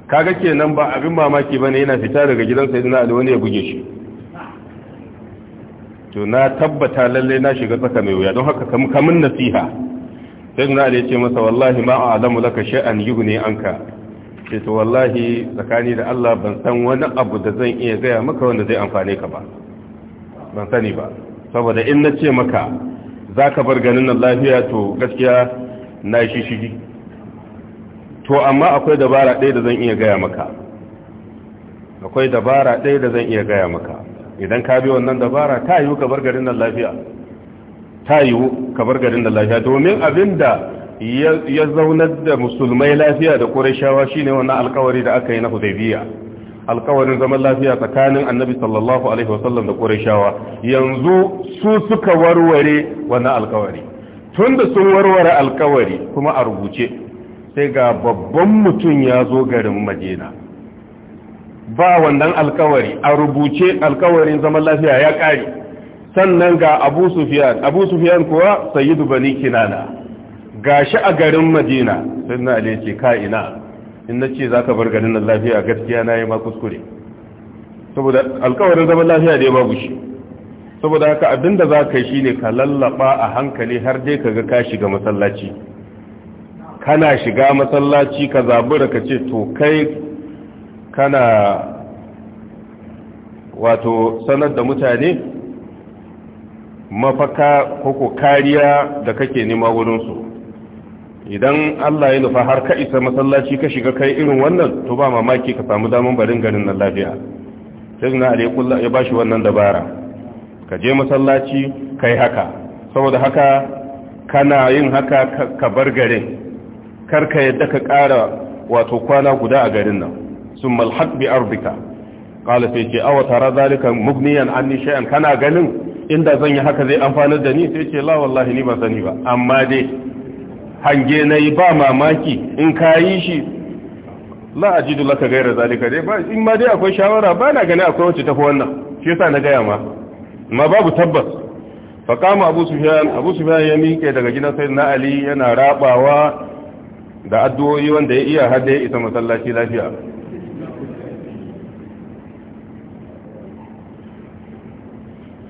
kaga kenan ba abin mamaki ba ne yana fita daga gidan sai da wani ya buge shi to na tabbata lallai na shiga tsaka mai wuya don haka kamun nasiha sai suna da ya ce masa wallahi ma a alamu laka sha'an yi ne an ka ce to wallahi tsakani da Allah ban san wani abu da zan iya gaya maka wanda zai amfane ka ba ban sani ba saboda in na ce maka za ka bar ganin nan lafiya to gaskiya na shi shigi to amma akwai dabara ɗaya da zan iya gaya maka akwai dabara ɗaya da zan iya gaya maka idan ka bi wannan dabara ta yi ka bar ganin nan lafiya ta yiwu ka bar garin da lafiya domin abin da ya zaunar da musulmai lafiya da ƙurashawa shine wannan alkawari da aka yi na hudaibiya alkawarin zaman lafiya tsakanin annabi sallallahu alaihi wasallam da ƙurashawa yanzu su suka warware wannan alkawari tun da sun warware alkawari kuma a rubuce sai ga babban mutum ya zo garin majina ba wannan alkawari a rubuce alkawarin zaman lafiya ya ƙare sannan ga abu sufiyan abu sufiyan kuwa sayyidu bani kinana gashi a garin madina sai na ali ce ka'ina in na ce za ka bar garin nan lafiya gaskiya na yi ma kuskure saboda alkawarin zaman lafiya da ya babu shi saboda haka abinda za ka yi shine ka lallaba a hankali har dai ka ga ka shiga masallaci kana shiga masallaci ka zabura ka ce to kai kana wato sanar da mutane mafaka ko ko kariya da kake nema wurinsu idan Allah ya nufa har ka isa masallaci ka shiga kai irin wannan to ba mamaki ka samu daman barin garin nan lafiya sai na Ali ya bashi wannan dabara ka je masallaci kai haka saboda haka kana yin haka ka bar garin kar ka yadda ka kara wato kwana guda a garin nan sun malhaq bi arbika qala sai ce aw tara zalika mughniyan anni shay'an kana ganin inda zan yi haka zai amfanar da ni sai ce la wallahi ni ba sani ba amma dai hange na yi ba mamaki in ka yi shi la ajidu laka gaira zalika dai ba in ma dai akwai shawara ba na gani akwai wacce tafi wannan shi yasa na gaya ma ma babu tabbas fa kama abu sufyan abu sufyan ya miƙe daga gidan na ali yana rabawa da addu'o'i wanda ya iya har da ya isa masallaci lafiya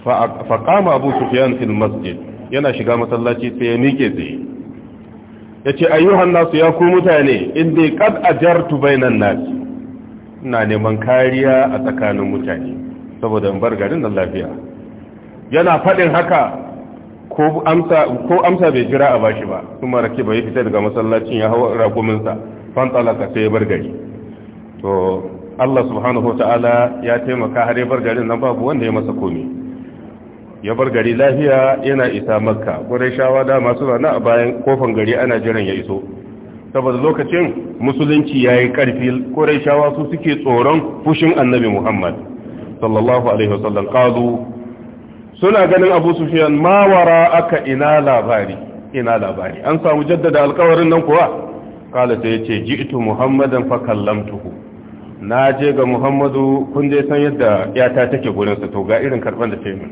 fa kama abu Sufiyan fil masjid yana shiga masallaci sai ya mike tsaye yace ayyuhan nasu ya ku mutane inda inni qad ajartu bainan nas ina neman kariya a tsakanin mutane saboda in bar garin nan lafiya yana fadin haka ko amsa bai jira a bashi ba mara ke bai fita daga masallacin ya hau rakumin sa fantalaka sai ya bar gari to Allah subhanahu wa ta'ala ya taimaka har ya bar garin nan babu wanda ya masa komi. ya bar gari lafiya yana isa makka shawa dama suna na a bayan kofan gari ana jiran ya iso saboda lokacin musulunci ya yi ƙarfi shawa su suke tsoron fushin annabi muhammad sallallahu alaihi wasallam ƙazu suna ganin abu sufiyan ma wara aka ina labari ina labari an samu jaddada alkawarin nan kuwa kala sai yace ji'tu muhammadan fa kallamtuhu na je ga muhammadu kun dai san yadda yata take gurin sa to ga irin karban da ta yi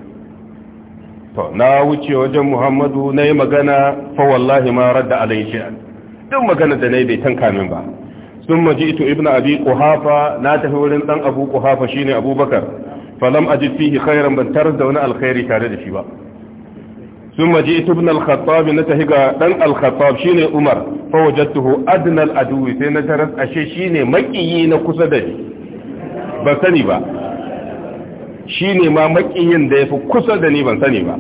to na wuce wajen muhammadu na yi magana fa wallahi ma radda alai shi'an duk magana da na yi bai tanka min ba sun maji ito ibn abi kuhafa na tafi wurin dan abu kuhafa shine abubakar falam ajid fihi khairan ban tarar da wani alkhairi tare da shi ba sun maji ito ibn al-khattab na tafi ga dan al-khattab shine umar fa wajadtuhu adna al-adu sai na tarar ashe shine makiyi na kusa da ni ba sani ba Shi ne ma makiyin da ya fi kusa da ni ban sani ba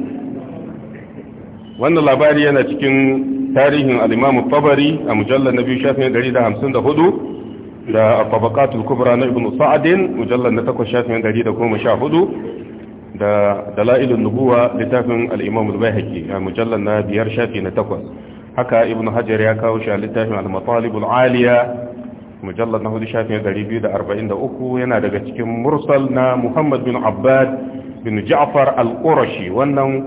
wannan labari yana cikin tarihin al-Imam Tabari a mujallar na biyu shafin 154 da Tabaqatul Kubra na Ibn Sa'd mujallar na takwas shafin 114 da Dalailun Nubuwa littafin al-Imam al-Baihaqi a mujallar na biyar shafi na 8 haka Ibn Hajar ya kawo shi a littafin al-Matalib al mujallar na hudu shafin 243 yana daga cikin mursal na muhammad bin abbad bin ja'far al-qurashi wannan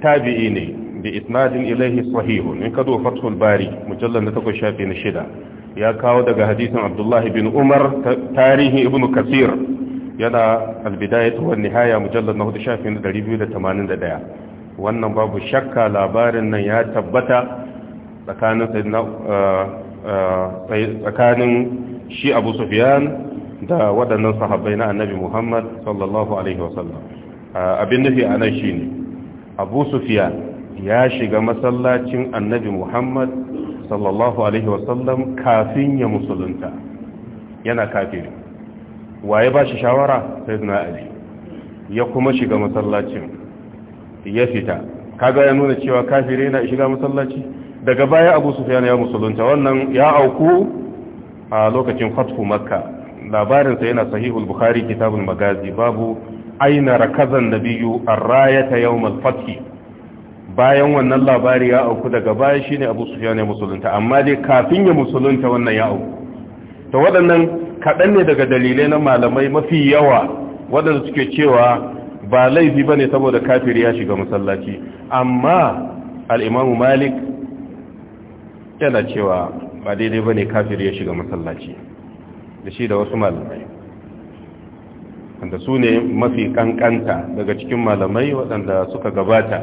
tabi'i ne bi isnadin ilaihi sahihun in kado fathul bari mujallar na takwas shafi na shida ya kawo daga hadisin abdullahi bin umar tarihi ibn kasir yana albidayatu wa nihaya mujallar na hudu shafin 281 wannan babu shakka labarin nan ya tabbata tsakanin tsakanin shi abu sufiyan da waɗannan sahabbai na annabi muhammad sallallahu alaihi wasallam abin nufi a nan shi ne abu sufiyan ya shiga masallacin annabi muhammad sallallahu alaihi wasallam kafin ya musulunta yana kafiri waye ba shi shawara sai suna ali ya kuma shiga masallacin ya fita kaga ya nuna cewa kafire yana shiga masallaci daga baya abu sufyan ya musulunta wannan ya auku a lokacin fatfu makka labarinsa yana sahihul bukhari kitabul magazi babu aina rakazan nabiyu ar ta yawmal fathi bayan wannan labari ya auku daga baya shine abu sufyan ya musulunta amma dai kafin ya musulunta wannan ya auku to waɗannan kaɗan ne daga dalilai na malamai mafi yawa waɗanda suke cewa ba laifi ba ne saboda kafiri ya shiga masallaci amma al-imamu malik yana cewa ba daidai ba ne kafir ya shiga masallaci da shi da wasu malamai wanda su ne mafi kankanta daga cikin malamai waɗanda suka gabata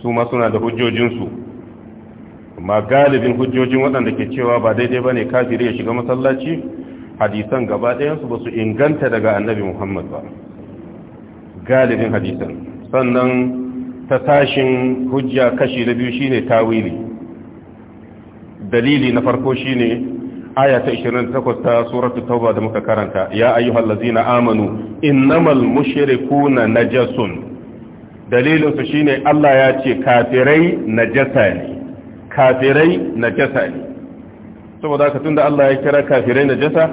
su ma suna da hujjojinsu amma galibin hujjojin waɗanda ke cewa ba daidai ba ne kafir ya shiga masallaci hadisan gaba ɗayansu ba su inganta daga annabi muhammad ba galibin hadisan sannan ta tashin hujja kashi na biyu shine tawili dalili na farko shine aya ta 28 ta suratu tauba da muka karanta ya ayyuhal ladzina amanu innamal mushrikuna najasun dalilin su shine Allah ya ce kafirai najasa ne kafirai najasa ne saboda haka tunda Allah ya kira kafirai najasa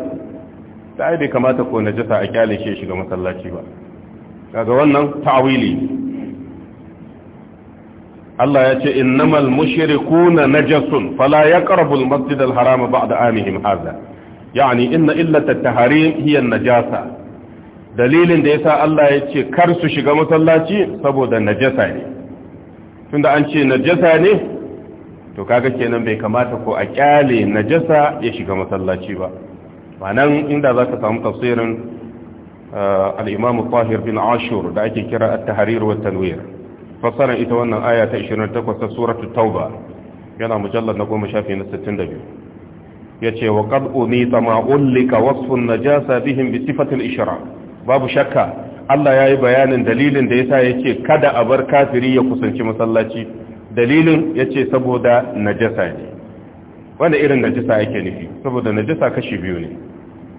ta ai bai kamata ko najasa a kyale shi shiga masallaci ba kaga wannan ta'wili Allah ya ce innamal mushrikuna najasun fala yaqrabu al-masjid al-harama ba'da amihim hadha yani inna illata at-tahrim hiya an-najasa dalilin da yasa Allah ya ce kar su shiga masallaci saboda najasa ne tunda an ce najasa ne to kaga kenan bai kamata ko a kyale najasa ya shiga masallaci ba manan inda zaka samu tafsirin uh, al-imam Tahir bin Ashur da ake kira at-tahrir wa tanwir fassara ita wannan aya ta 28 ta suratu tauba yana mujallar na goma shafi na 62 ya ce wa qad ni ma ullika wasfun najasa bihin bi sifatil ishira. babu shakka Allah yayi bayanin dalilin da yasa ce kada a bar kafiri ya kusanci masallaci dalilin yace saboda najasa ne wanda irin najasa yake nufi saboda najasa kashi biyu ne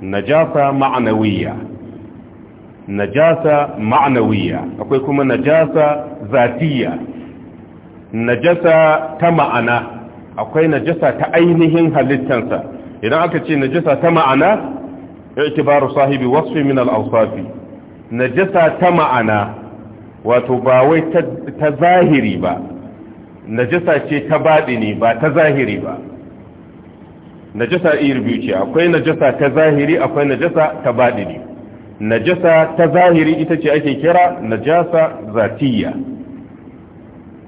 najasa ma'anawiyya najasa ma'anawiya akwai kuma najasa zatiya najasa ta ma'ana akwai najasa ta ainihin halittansa idan aka ce najasa ta ma'ana ya itibaru sahibi wasfi min al-awsafi najasa ta ma'ana wato ba wai ta zahiri ba najasa ce ta baɗini ba ta zahiri ba najasa iri biyu ce akwai najasa ta zahiri akwai najasa ta baɗini najasa ta zahiri ita ce ake kira najasa zatiyya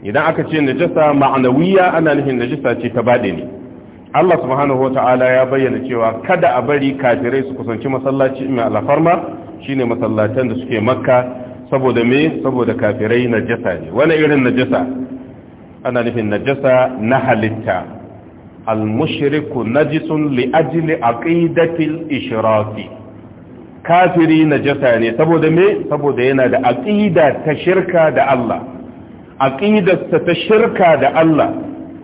idan aka ce najasa ma'anawiya ana nufin najasa ce ta bade ne Allah subhanahu wata'ala ya bayyana cewa kada a bari kafirai su kusanci masallaci mai alfarma shine masallatan da suke makka saboda me saboda kafirai najasa ne wani irin najasa ana nufin najasa na halitta al-mushriku najisun li ajli aqidati al-ishrafi kafiri najasa ne saboda me saboda yana da aqida ta shirka da Allah aqidarsa ta shirka da Allah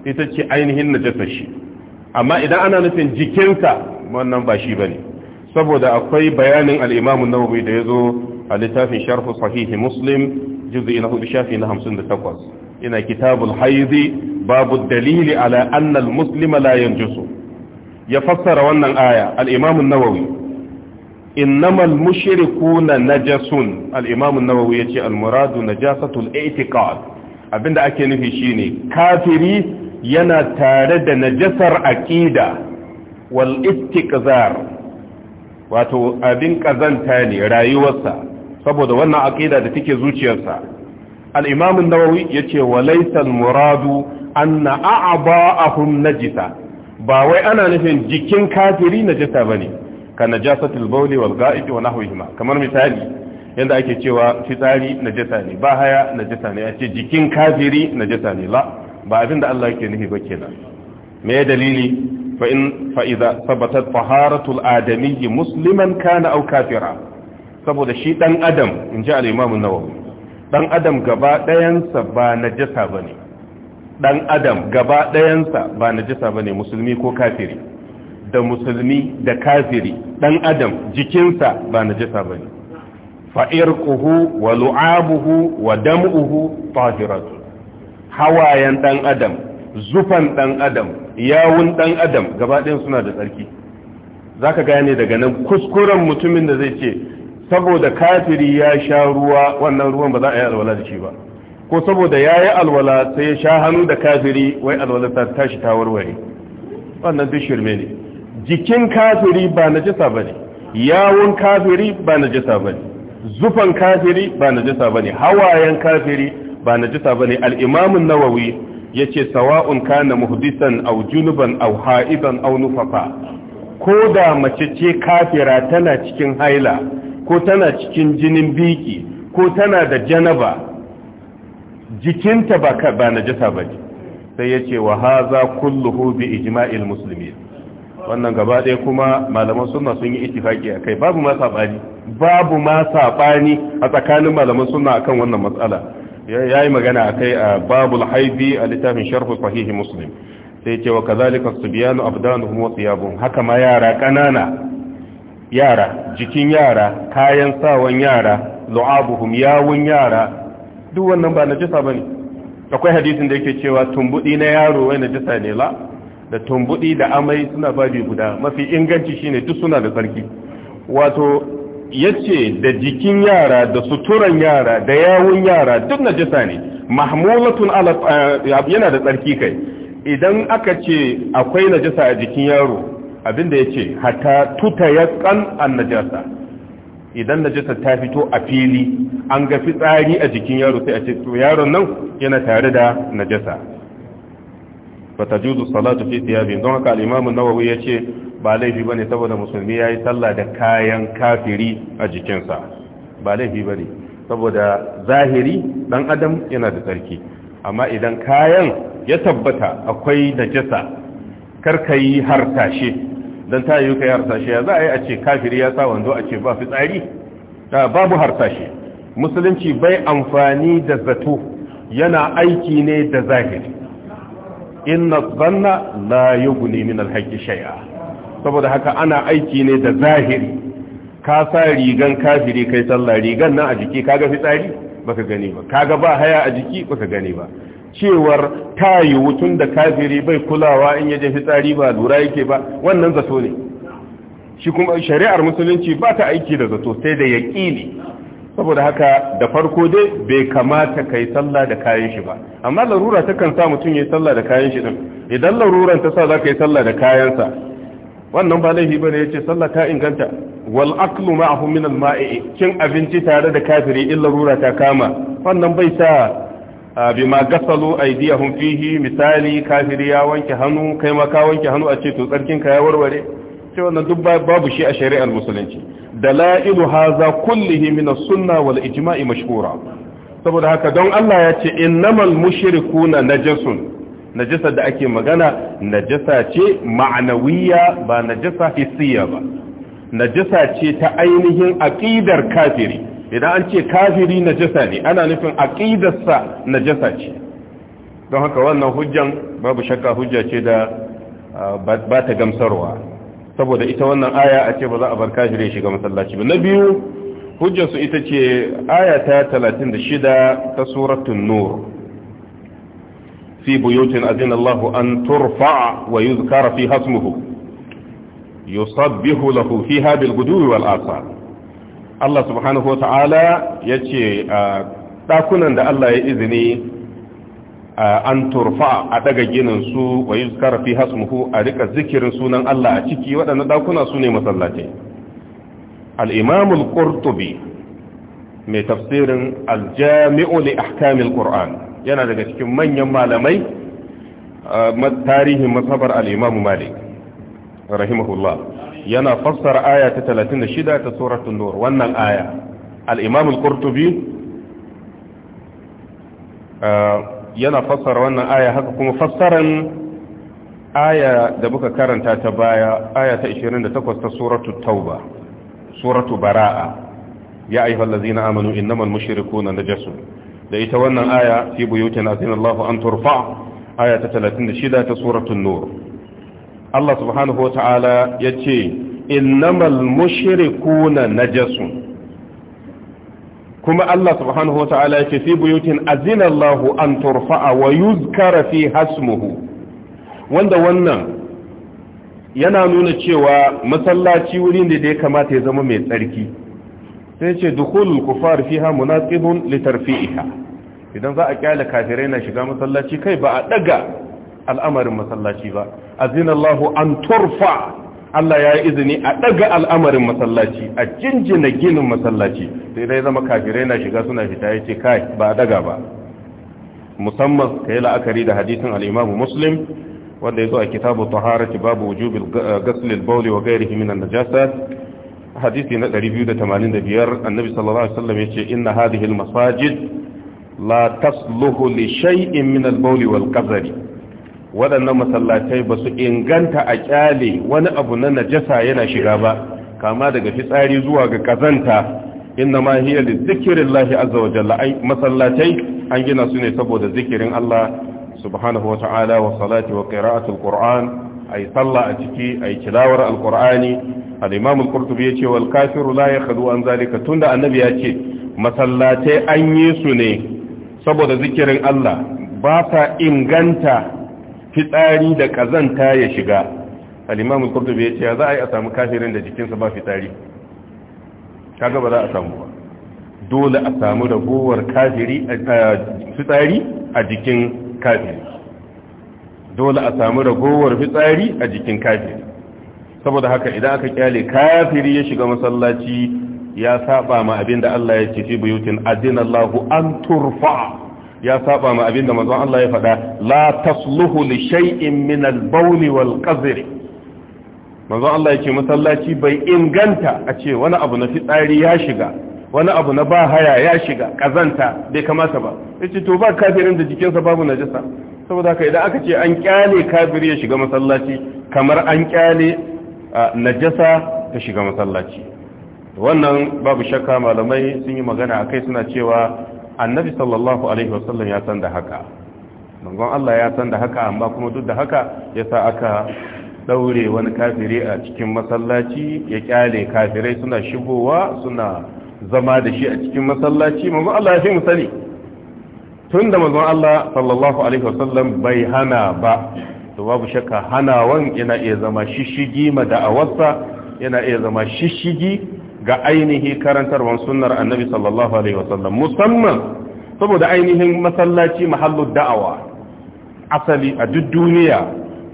ita ce ainihin najasa shi amma idan ana nufin jikinsa wannan ba shi bane saboda akwai bayanin al-Imam an-Nawawi da yazo a littafin Sharh Sahih Muslim juz'i na 58 ina kitabul haidi babu dalili ala anna al-muslima la yanjusu ya fassara wannan aya al-Imam an-Nawawi innamal mushrikuna najasun al-imam an-nawawi yace al-muradu najasatul i'tiqad abinda ake nufi shine kafiri yana tare da najasar aƙida wal istiqzar wato abin kazanta ne rayuwarsa saboda wannan aƙida da take zuciyarsa al-imam yace walaysa al-muradu anna a'ba'ahum najisa ba wai ana nufin jikin kafiri najasa bane ka najasatul bawli wal ga'id wa nahwihima kamar misali yanda ake cewa fitsari najasa ne ba haya najasa ne ce jikin kafiri najasa ne la ba abinda Allah yake nufi ba kenan me dalili fa in fa idza sabatat taharatul adami musliman kana aw kafira saboda shi dan adam inji al-imam an-nawawi dan adam gaba dayansa ba najasa bane dan adam gaba dayansa ba najasa bane musulmi ko kafiri da musulmi da kafiri dan adam jikinsa ba na jisa ne. bane fa'irquhu wa lu'abuhu wa dam'uhu fahiratu hawayen dan adam zufan dan adam yawun dan adam gabaɗin suna da tsarki Za ka gane daga nan kuskuren mutumin da zai ce saboda kafiri ya sha ruwa wannan ruwan ba za a yi alwala da shi ba ko saboda ya yi alwala sai ya sha hannu da kafiri wai alwala ta tashi ta warware wannan duk shirme ne jikin kafiri ba na ba bane yawon kafiri ba na ba bane zufan kafiri ba na ba bane hawayen kafiri ba na bane al ne al’imamun nawawi yace sawa'un kana muhdisan au junuban au ha'idan au nufafa ko da mace ce kafira tana cikin haila ko tana cikin jinin biki ko tana da janaba jikinta ba na ba bane sai yace wa hadha kulluhu bi ijma'il musulmi. wannan gaba ɗaya kuma malaman sunna sun yi ittifaki akai babu ma sabani babu ma sabani a tsakanin malaman sunna akan wannan matsala yayi magana akai a babul haibi a littafin sharh sahih muslim sai ce wa kadhalika subyanu abdanuhum wa thiyabuhum haka ma yara kanana yara jikin yara kayan sawan yara lu'abuhum yawun yara duk wannan ba najisa bane akwai hadisin da yake cewa tumbudi na yaro wai najisa ne la da tumbudi da amai suna babi guda mafi inganci shine duk suna da tsarki wato yace da jikin yara da suturan yara da yawun yara duk najasa ne mahmulatun ala eh, yana da tsarki kai idan aka ce akwai najasa a jikin yaro abinda yace hatta tutayaqan an najasa idan najasa ta fito a fili an ga fitsari a jikin yaro sai a ce to yaron nan yana tare da najasa fatajuzu salatu fi don haka al-imam an-nawawi yace ba laifi bane saboda musulmi yayi sallah da kayan kafiri a jikinsa ba laifi bane saboda zahiri dan adam yana da sarki. amma idan kayan ya tabbata akwai najasa karkai tashi dan ta yi kai har tashi. za a yi a ce kafiri ya sa wando a ce ba fitsari ah, babu tashi. musulunci bai amfani da zato yana aiki ne da zahiri inna zanna la yughni min al-haqqi shay'a saboda haka ana aiki ne da zahiri ka sa rigan kafiri kai sallah rigan nan a jiki kaga fitsari baka gani ba kaga ba haya a jiki baka gani ba cewar tayi wutun da kafiri bai kulawa in yaje fitsari ba lura yake ba wannan zato ne shi kuma shari'ar musulunci ba ta aiki da zato sai da yaqini saboda haka da farko dai bai kamata kai sallah da kayan shi ba amma larura takan sa mutum yayi sallah da kayan shi din idan laruran ta sa za ka yi sallah da kayansa wannan ba laifi bane yace sallah ta inganta wal aqlu ma'ahu min al ma'i kin abinci tare da kafiri in larura ta kama wannan bai sa bima gasalu aydiyahum fihi misali kafiri ya wanke hannu kai ma ka wanke hannu a ce to tsarkin ka ya warware sai wannan duk babu shi a shari'ar musulunci dalailu haza kullihi min as-sunna wal ijma'i mashhura saboda haka don Allah ya ce innamal mushrikuna najasun najasa da ake magana najasa ce ma'anawiya ba najasa hissiya ba najasa ce ta ainihin aqidar kafiri idan an ce kafiri najasa ne ana nufin aqidarsa najasa ce don haka wannan hujjan babu shakka hujja ce da ah, ba ta gamsarwa saboda ita wannan aya a ce ba za a bar kafiri ya shiga masallaci ba na biyu su ita ce aya ta 36 ta suratul nur fi buyutin azin Allah an turfa wa yuzkara fi hasmuhu yusabbihu lahu fiha bil guduwi wal asar Allah subhanahu wa ta'ala yace dakunan da Allah ya izini an turfa a daga ginin su wa yuzkar fi hasmuhu a rika zikirin sunan Allah a ciki waɗanda ɗakuna su ne masallatai al-imam mai tafsirin al-jami'u li yana daga cikin manyan malamai tarihin masabar al malik rahimahullah yana fassara aya ta 36 ta suratul nur wannan aya al-imam yana fassara wannan aya haka kuma fassaran aya da muka karanta ta baya aya ta 28 ta suratu tauba suratu bara'a ya ayyuhal ladzina amanu innamal mushrikuuna najasun da ita wannan aya fi buyutin azinallahu an turfa aya ta 36 ta suratu nur Allah subhanahu wa ta'ala yace innamal mushrikuuna najasun kuma Allah subhanahu wata'ala yake fi buyutin azina Allah an turfa'a wa yuzkara fi hasmuhu wanda wannan yana nuna cewa masallaci wuri ne da ya kamata ya zama mai tsarki sai ce dukhulul kufar fiha munasibun li tarfi'iha idan za a kyale kafirai na shiga masallaci kai ba a daga al'amarin masallaci ba azina Allah an turfa Allah ya yi izini a ɗaga al'amarin masallaci a jinjina ginin masallaci sai dai zama kafirai na shiga suna fita ya ce kai ba a ɗaga ba musamman ka yi la'akari da hadisin al'imamu muslim wanda ya zo a kitabu taharati babu Wujubi eh, gaslil bauli wa gairihi Himinan najasat hadisi na 285 annabi sallallahu alaihi wasallam yace inna hadhihi al masajid la tasluhu li shay'in min al bauli wal qazari waɗannan masallatai ba su inganta a ƙyale wani abu na najasa yana shiga ba kama daga fitsari zuwa ga kazanta inna ma hiya li zikirin lahi azza wa jalla masallatai an gina su ne saboda zikirin Allah subhanahu wa ta'ala wa salati wa qira'atul qur'an ay salla a ciki ay tilawar alqur'ani al-imam al-qurtubi yace wal kafiru la yakhdu an zalika tunda annabi yace masallatai an yi su ne saboda zikirin Allah ba sa inganta fitsari da kazanta ya shiga al-imam al-qurtubi ya ce za a yi a samu kafirin da jikinsa ba fitsari kaga ba za a samu ba dole a samu ragowar kafiri fitsari a jikin kafiri dole a samu ragowar fitsari a jikin kafiri saboda haka idan aka kyale kafiri ya shiga masallaci ya saba ma abin da Allah ya ce fi buyutin adinallahu an turfa ya saba ma abinda manzon Allah ya faɗa la tasluhu li shay'in min al-bawl wal qazr manzon Allah yake masallaci bai inganta a ce wani abu na fitsari ya shiga wani abu na ba haya ya shiga kazanta bai kamata ba yace to ba kafirin da jikinsa babu najasa saboda haka idan aka ce an kyale kafiri ya shiga masallaci kamar an kyale najasa ta shiga masallaci wannan babu shakka malamai sun yi magana akai suna cewa annabi sallallahu alaihi wasallam ya san da haka manzon Allah ya san da haka amma kuma duk da haka ya sa aka daure wani kafiri a cikin masallaci ya kyale kafirai suna shigowa suna zama da shi a cikin masallaci manzon Allah ya fi mu sani Tunda manzon Allah sallallahu alaihi wasallam bai hana ba to babu shakka hanawan yana iya zama shishigi ma da'awarsa yana iya zama shishigi ga ainihi karantarwar sunnar annabi sallallahu alaihi wasallam musamman saboda ainihin masallaci mahallin da'awa asali a duk duniya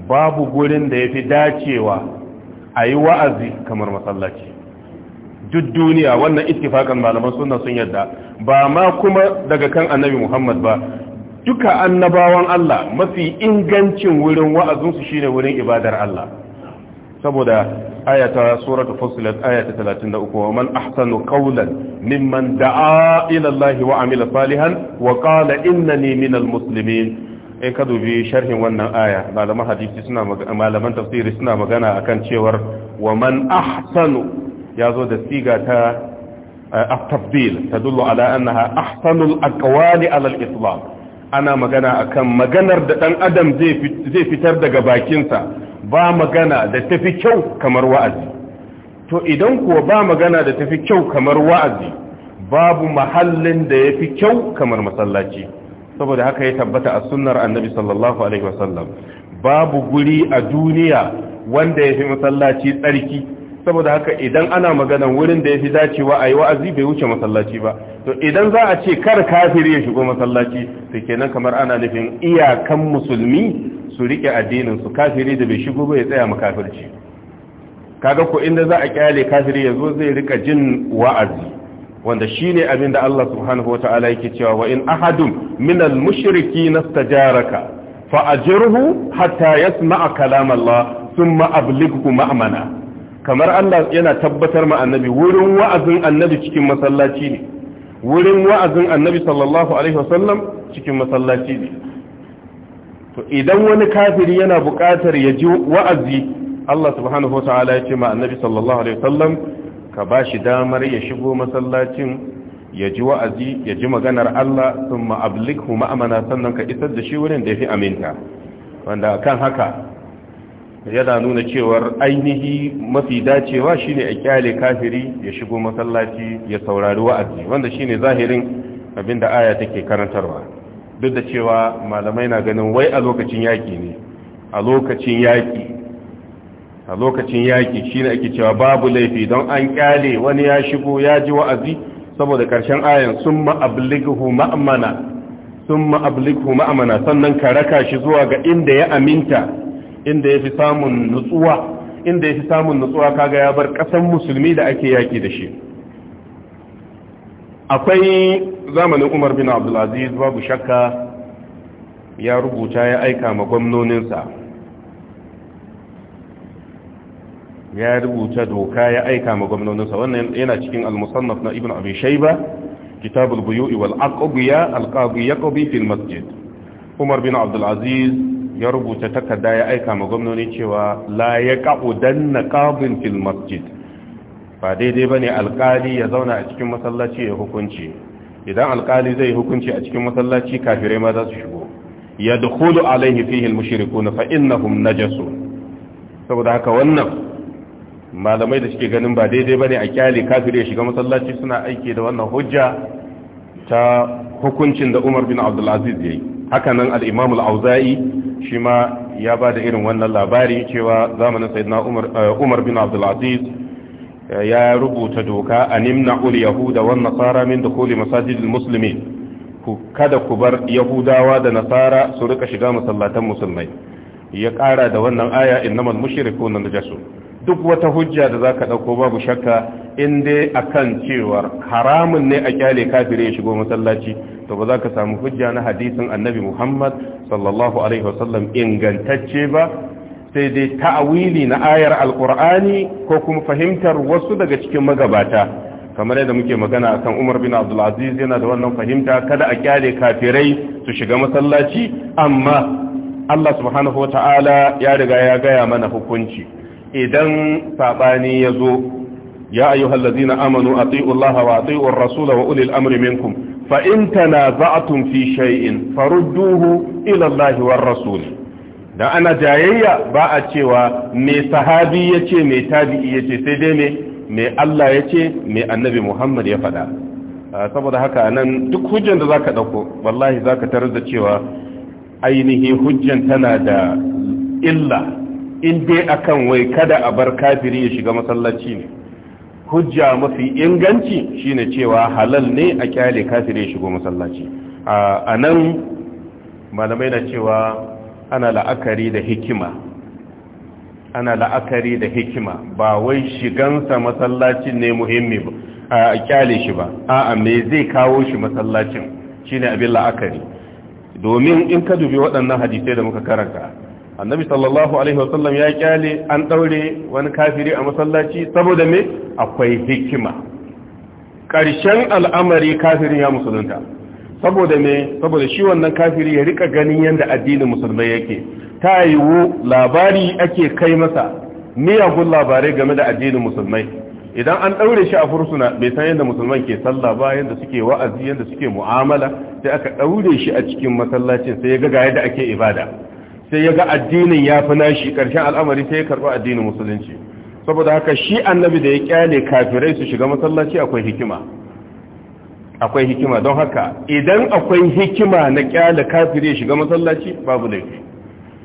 babu gurin da ya fi dacewa a yi wa'azi kamar masallaci duk duniya wannan ittifakan malaman sunna sun yadda ba ma kuma daga kan annabi muhammad ba duka annabawan Allah mafi ingancin wurin wa'azinsu shine wurin ibadar Allah saboda ayata suratu fusilat ayata 33 wa man ahsanu qawlan mimman da'a ila Allah wa amila salihan wa qala innani minal muslimin in ka dubi sharhin wannan aya malaman hadisi suna malaman tafsiri suna magana akan cewar wa man ahsanu yazo da siga ta at-tabdil tadullu ala annaha ahsanul aqwali ala al-islam ana magana akan maganar da dan adam zai fitar daga bakinsa ba magana da tafi kyau kamar wa'azi to idan kuwa ba magana da tafi kyau kamar wa'azi babu mahallin da ya fi kyau kamar masallaci saboda haka ya tabbata a sunnar annabi sallallahu alaihi wasallam babu guri a duniya wanda ya fi masallaci tsarki saboda haka idan ana magana wurin da ya fi dacewa a yi wa'azi bai wuce masallaci ba to idan za a ce kar kafiri ya shigo masallaci su kenan kamar ana nufin iyakan musulmi su rike addinin su kafiri da bai shigo ba ya tsaya mu kafirci kaga ko inda za a kyale kafiri yazo zai rika jin wa'azi wanda shine abin da Allah subhanahu wataala yake cewa wa in ahadun minal mushrikeena istajaraka fa ajruhu hatta yasma'a kalam Allah thumma ablighu ma'mana kamar Allah yana tabbatar ma annabi wurin wa'azin annabi cikin masallaci ne wurin wa'azin annabi sallallahu alaihi wasallam cikin masallaci ne to idan wani kafiri yana buƙatar ya ji wa'azi Allah subhanahu wata'ala ya ce ma annabi sallallahu alaihi wasallam ka shi damar ya shigo masallacin ya ji wa'azi ya ji maganar Allah thumma ablighu ma'amana sannan ka isar da shi wurin da fi aminta wanda kan haka yana nuna cewar ainihi mafi dacewa shine a kyale kafiri ya shigo masallaci ya saurari wa'azi wanda shine zahirin abinda aya take karantarwa duk da cewa malamai na ganin wai a lokacin yaƙi ne a lokacin yaƙi a lokacin shine ake cewa babu laifi don an ƙyale wani ya shigo ya ji wa'azi saboda karshen ayan sun ma'ablighu ma'amana sun ma'ablighu ma'amana sannan ka raka shi zuwa ga inda ya aminta inda ya fi samun nutsuwa inda ya fi samun nutsuwa kaga ya bar ƙasan musulmi da ake yaki da shi akwai zamanin umar bin abdulaziz babu shakka ya rubuta ya aika ma gwamnoninsa ya rubuta doka ya aika ma gwamnoninsa wannan yana cikin al na ibn abi shayba kitabul buyu'i wal aqbiya al-qadi yaqbi fil masjid umar bin abdulaziz ya rubuta takarda ya aika ma gwamnoni cewa la yaqa'u danna qadin fil masjid ba daidai ba ne alkali ya zauna a cikin masallaci ya hukunci idan alkali zai hukunci a cikin masallaci kafirai ma za su shigo ya dukulu alaihi fihi almushrikuna fa innahum najasu saboda haka wannan malamai da suke ganin ba daidai bane a kyale kafiri ya shiga masallaci suna aiki da wannan hujja ta hukuncin da Umar bin Abdul Aziz yayi haka nan alimamul auzai shi ma ya da irin wannan labari cewa zamanin Sayyidina Umar eh, Umar bin Abdul Aziz ya rubuta doka a nimna'ul yahuda wan nasara min dukuli masajidil muslimin ku kada ku bar yahudawa da nasara su rika shiga masallatan musulmai ya kara da wannan aya innamal mushrikuna su duk wata hujja da zaka dauko babu shakka in dai akan cewa haramun ne a kyale kafire ya shigo masallaci to ba za ka samu hujja na hadisin annabi Muhammad sallallahu alaihi wasallam ingantacce ba sai dai ta'awili na ayar alkur'ani ko kuma fahimtar wasu daga cikin magabata kamar yadda muke magana akan Umar bin Abdul Aziz yana da wannan fahimta kada a kyale kafirai su shiga masallaci amma Allah subhanahu ta'ala ya riga ya gaya mana hukunci idan saɓani ya zo ya ayyuhal ladzina amanu atiullaha wa atiur rasul wa ulil amri minkum fa in a fi shay'in farudduhu ila Allahi war rasul da ana jayayya ba a cewa mai sahabi ya yace mai tabi'i ce, sai dai ne, mai Allah ya ce, mai annabi Muhammad ya faɗa ah, saboda haka nan duk hujjan da za ka ɗauko, wallahi za ka tarar da cewa ainihi hujjan tana da illa in dai akan wai kada a bar kafiri ya shiga masallaci ne hujja mafi inganci shine cewa halal ne a kyale kafiri ya shigo masallaci ah, a nan malamai na cewa ana la'akari da hikima ana la'akari da hikima ba wai shigansa masallacin ne muhimmi ba a kyale shi ba a'a me zai kawo shi masallacin shine abin la'akari domin in ka dubi waɗannan hadisai da muka karanta annabi sallallahu alaihi wasallam ya kyale an daure wani kafiri a masallaci saboda me akwai hikima ƙarshen al'amari kafirin ya musulunta saboda ne saboda shi wannan kafiri ya rika ganin yadda addinin musulmai yake ta yiwu labari ake kai masa miyagun labarai game da addinin musulmai idan an ɗaure shi a fursuna bai san yadda musulman ke sallah ba yadda suke wa'azi yadda suke mu'amala sai aka ɗaure shi a cikin masallacin sai ya ga yadda ake ibada sai ya ga addinin ya fi nashi ƙarshen al'amari sai ya karɓi addinin musulunci saboda haka shi annabi da ya kyale kafirai su shiga masallaci akwai hikima akwai hikima don haka idan akwai hikima na kyala kafire shiga masallaci babu laifi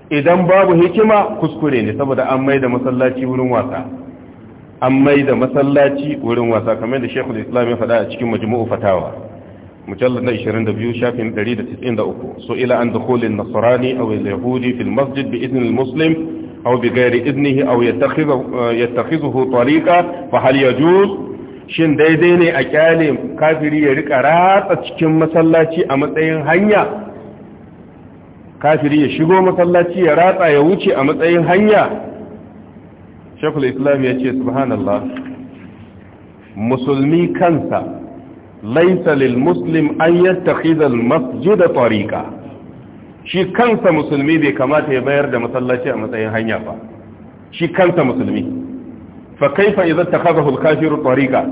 idan babu hikima kuskure ne saboda an maida masallaci wurin wasa an maida masallaci wurin wasa kamar da Sheikhul Islam ya fada a cikin Majmu'u Fatawa mujallar na 22 shafin 193 so ila an dukhulin nasrani aw al-yahudi fil masjid bi idni al-muslim aw bi ghairi idnihi aw yattakhidhu yattakhidhu tariqa fa hal yajuz shin daidai ne a kyale kafiri ya rika ratsa cikin masallaci a matsayin hanya kafiri ya shigo masallaci ya ratsa ya wuce a matsayin hanya shekul islam ya ce subhanallah musulmi kansa laisa lil muslim an yattakhidha al masjida tariqa shi kansa musulmi bai kamata ya bayar da masallaci a matsayin hanya ba shi kansa musulmi fa kaifa ta takhadhahu al-kafiru tariqa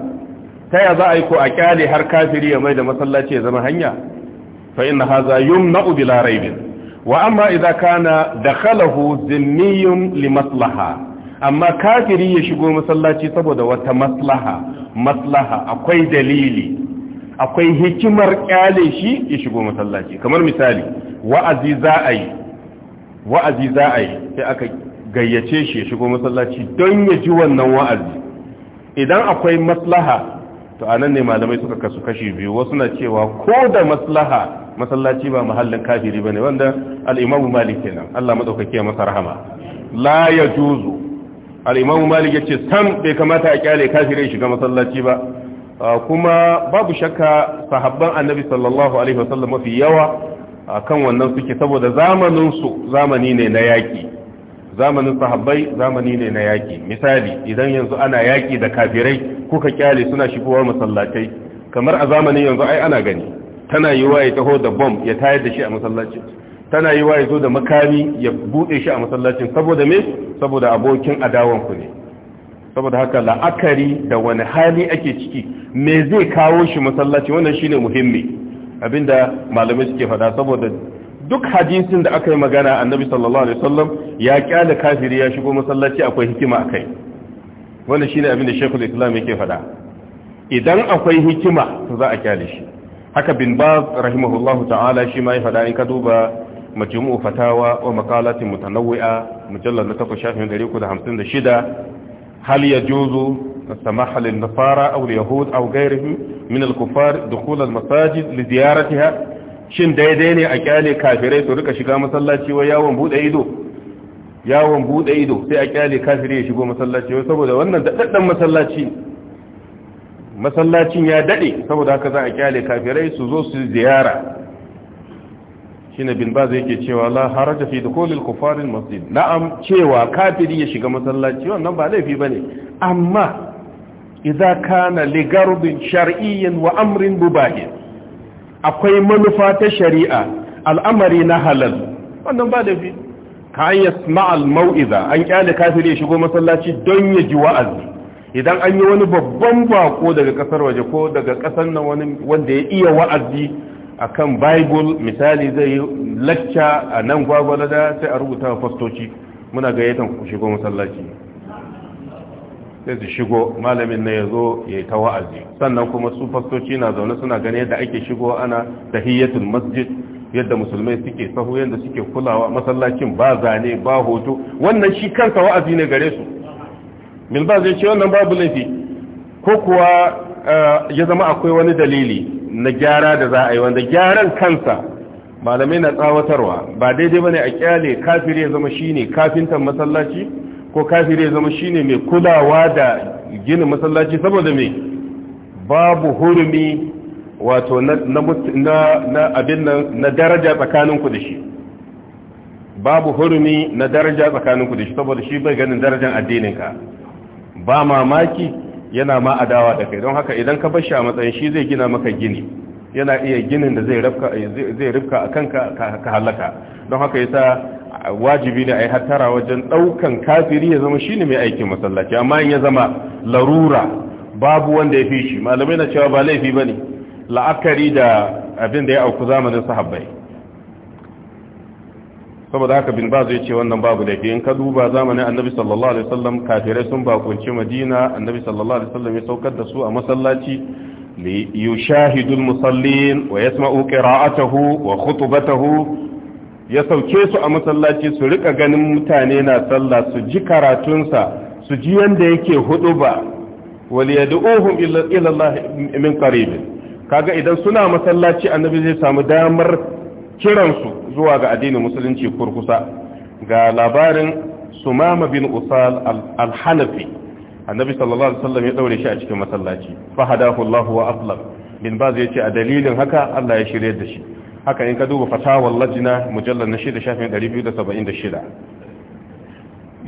ta ya za a yi ko a kyale har kafiri ya mai da masallaci ya zama hanya fa inna hadha yumna'u bila raibin wa amma idza kana dakhalahu zimmiyun li maslaha amma kafiri ya shigo masallaci saboda wata maslaha maslaha akwai dalili akwai hikimar kyale shi ya shigo masallaci kamar misali wa'azi za a yi wa'azi za a yi sai aka gayyace shi ya shigo masallaci don ya ji wannan wa'azi idan akwai maslaha to anan ne malamai suka kasu kashi biyu wasu na cewa ko da maslaha masallaci ba mahallin kafiri bane wanda al-Imam Malik kenan Allah madaukake masa rahama la yajuzu al-Imam Malik yace sam bai kamata a kyale kafirai shiga masallaci ba ah, kuma babu shakka sahabban Annabi sallallahu alaihi wasallam mafi yawa ah, kan wannan suke saboda zamanin su zamani ne na yaki zamanin sahabbai zamani ne na yaki misali idan yanzu ana yaki da kafirai kuka kyale suna shigowa masallatai kamar a zamanin yanzu ai ana gani tana yiwa ya taho da bomb ya tayar da shi a masallaci tana yiwa ya zo da makami ya bude shi a masallacin saboda me saboda abokin adawan ku ne saboda haka la'akari da wani hali ake ciki me zai kawo shi masallaci wannan shine muhimmi abinda malamai suke faɗa saboda duk hadisin da aka yi magana annabi sallallahu alaihi wasallam ya kyale kafiri ya shigo masallaci akwai hikima akai wannan shine abin da Sheikhul Islam yake faɗa idan akwai hikima za a kyale shi haka bin Baz rahimahullahu ta'ala shi ma ya faɗa in ka duba majmu'u fatawa wa maqalat mutanawwi'a mujallar na 8 shafin 356 hal yajuzu السماح للنصارى أو اليهود أو غيرهم من الكفار دخول المساجد لزيارتها shin daidai ne a kyale kafirai su rika shiga masallaci wa yawon bude ido yawon bude ido sai a kyale kafiri ya shigo masallaci wai saboda wannan daddan masallaci masallacin ya dade saboda haka za a kyale kafirai su zo su ziyara shine bin baz yake cewa la haraja fi dukhulil kufar al masjid na'am cewa kafiri ya shiga masallaci wannan ba laifi bane amma idza kana li garbin shar'iyyin wa amrin mubahih akwai manufa ta shari'a al'amari na halal wannan ba da laifi ka an yi ma'al mau'iza an kyale kafiri ya shigo masallaci don ya ji wa'azi idan an yi wani babban bako daga kasar waje ko daga kasar nan wani wanda ya iya wa'azi akan bible misali zai yi lacca a nan gwagwalada sai a rubuta fastoci muna gayyatar ku shigo masallaci sai su shigo malamin na ya zo ya yi ta wa'azi sannan kuma su fastoci na zaune suna gani yadda ake shigo ana hiyatun masjid yadda musulmai suke sahu yadda suke kulawa masallacin ba zane ba hoto wannan shi kansa wa'azi ne gare su ba zai ce wannan babu laifi ko kuwa eh, ya zama akwai wani dalili na gyara da za a yi wanda gyaran kansa malamai na tsawatarwa ba daidai ba ne a kyale kafiri ya zama shi shine kafintan masallaci ko kafiri ya zama shine mai kulawa da gina masallaci saboda mai babu hurumi wato na abin nan na daraja tsakaninku da shi babu hurumi na daraja tsakaninku da shi saboda shi bai ganin darajan ka ba mamaki yana ma adawa da kai don haka idan ka bar shi a matsayin shi zai gina maka gini yana iya ginin da zai rufka a kanka ka halaka don haka yasa wajibi ne a yi hattara wajen ɗaukan kafiri ya zama shi ne mai aikin masallaci amma in ya zama larura babu wanda ya fi shi malamai na cewa ba laifi ba ne la'akari da abin da ya auku zamanin sahabbai saboda haka bin ba zai ce wannan babu laifi in ka duba zamanin annabi sallallahu alaihi wasallam kafirai sun bakunci madina annabi sallallahu alaihi wasallam ya saukar da su a masallaci li yushahidu musallin wa yasma'u qira'atahu wa khutbatahu ya sauke su a masallaci su rika ganin mutane na sallah su ji karatunsa su ji yanda yake hudu ba wal yad'uhum ila Allah min qarib kaga idan suna masallaci annabi zai samu damar kiransu zuwa ga addinin musulunci kurkusa ga labarin sumama bin usal al-hanafi annabi sallallahu alaihi wasallam ya daure shi a cikin masallaci fa hadahu Allah wa aslam bin zai yace a dalilin haka Allah ya shirye da shi haka in ka duba fatawar lajina mujallar na shida shafin 276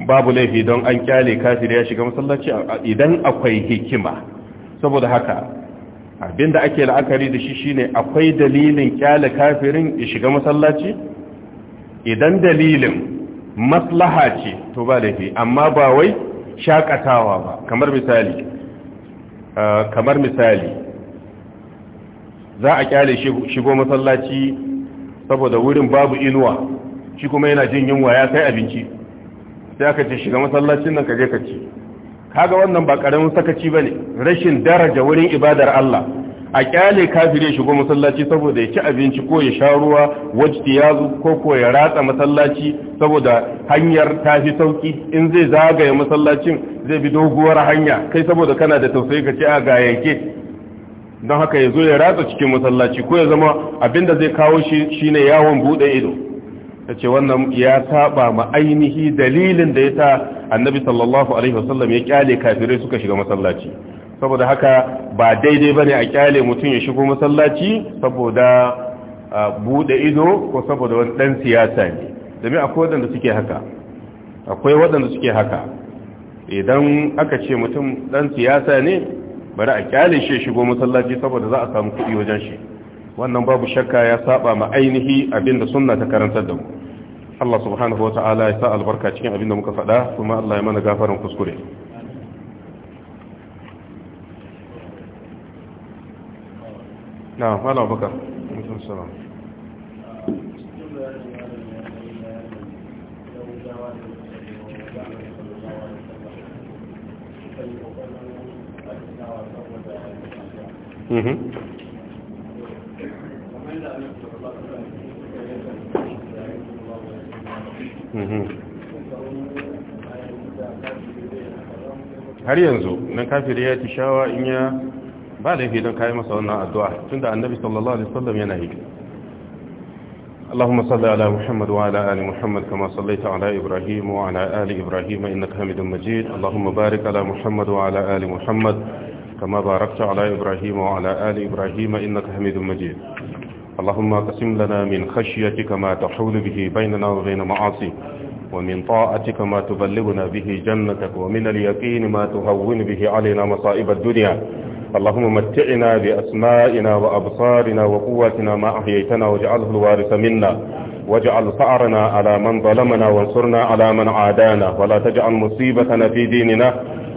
babu laifi don an kyale kafir ya shiga masallaci idan akwai hikima saboda haka abinda ake la'akari da shi shine akwai dalilin kyale kafirin ya shiga masallaci idan dalilin maslaha ce to ba laifi amma ba wai shakatawa ba kamar misali uh, kamar misali za a kyale shigo masallaci saboda wurin babu inuwa shi kuma yana jin yunwa ya kai abinci sai aka ce shiga masallacin nan kaje ka ci kaga wannan ba karamin sakaci bane rashin daraja wurin ibadar Allah a kyale kafire ya shigo masallaci saboda ya ci abinci ko ya sha ruwa wajti ya zo ko ko ya ratsa masallaci saboda hanyar ta fi sauki in zai zagaya masallacin zai bi doguwar hanya kai saboda kana da tausayi ka ce a ga yanke don haka ya zo ya ratsa cikin masallaci ko ya zama abinda zai kawo shi shine yawon bude ido ta ce wannan ya saba ma ainihi dalilin da ya sa annabi sallallahu alaihi wasallam ya kyale kafirai suka shiga masallaci saboda haka ba daidai bane a kyale mutum ya shigo masallaci saboda bude ido ko saboda wani dan siyasa ne domin akwai waɗanda suke haka akwai waɗanda suke haka idan aka ce mutum dan siyasa ne bari a kyale shi shigo masallaci saboda za a samu kuɗi wajen shi wannan babu shakka ya saba ma ainihi abinda sunna ta karantar da mu Allah subhanahu wa ya sa albarka cikin abinda muka faɗa kuma Allah ya mana gafaran kuskure na mutum salam har yanzu nan kafiri ya ci shawa in ya ba da don kayi masa wannan addu'a tunda annabi sallallahu alaihi wasallam yana yi Allahumma salli ala Muhammad wa ala ali Muhammad kama sallaita ala Ibrahim wa ala ali Ibrahim innaka إنك Majid Allahumma barik ala Muhammad wa ala ali Muhammad كما باركت على إبراهيم وعلى آل إبراهيم إنك حميد مجيد اللهم اقسم لنا من خشيتك ما تحول به بيننا وبين معاصيك ومن طاعتك ما تبلغنا به جنتك ومن اليقين ما تهون به علينا مصائب الدنيا اللهم متعنا بأسمائنا وأبصارنا وقواتنا ما أحييتنا واجعله الوارث منا واجعل ثأرنا على من ظلمنا وانصرنا على من عادانا ولا تجعل مصيبتنا في ديننا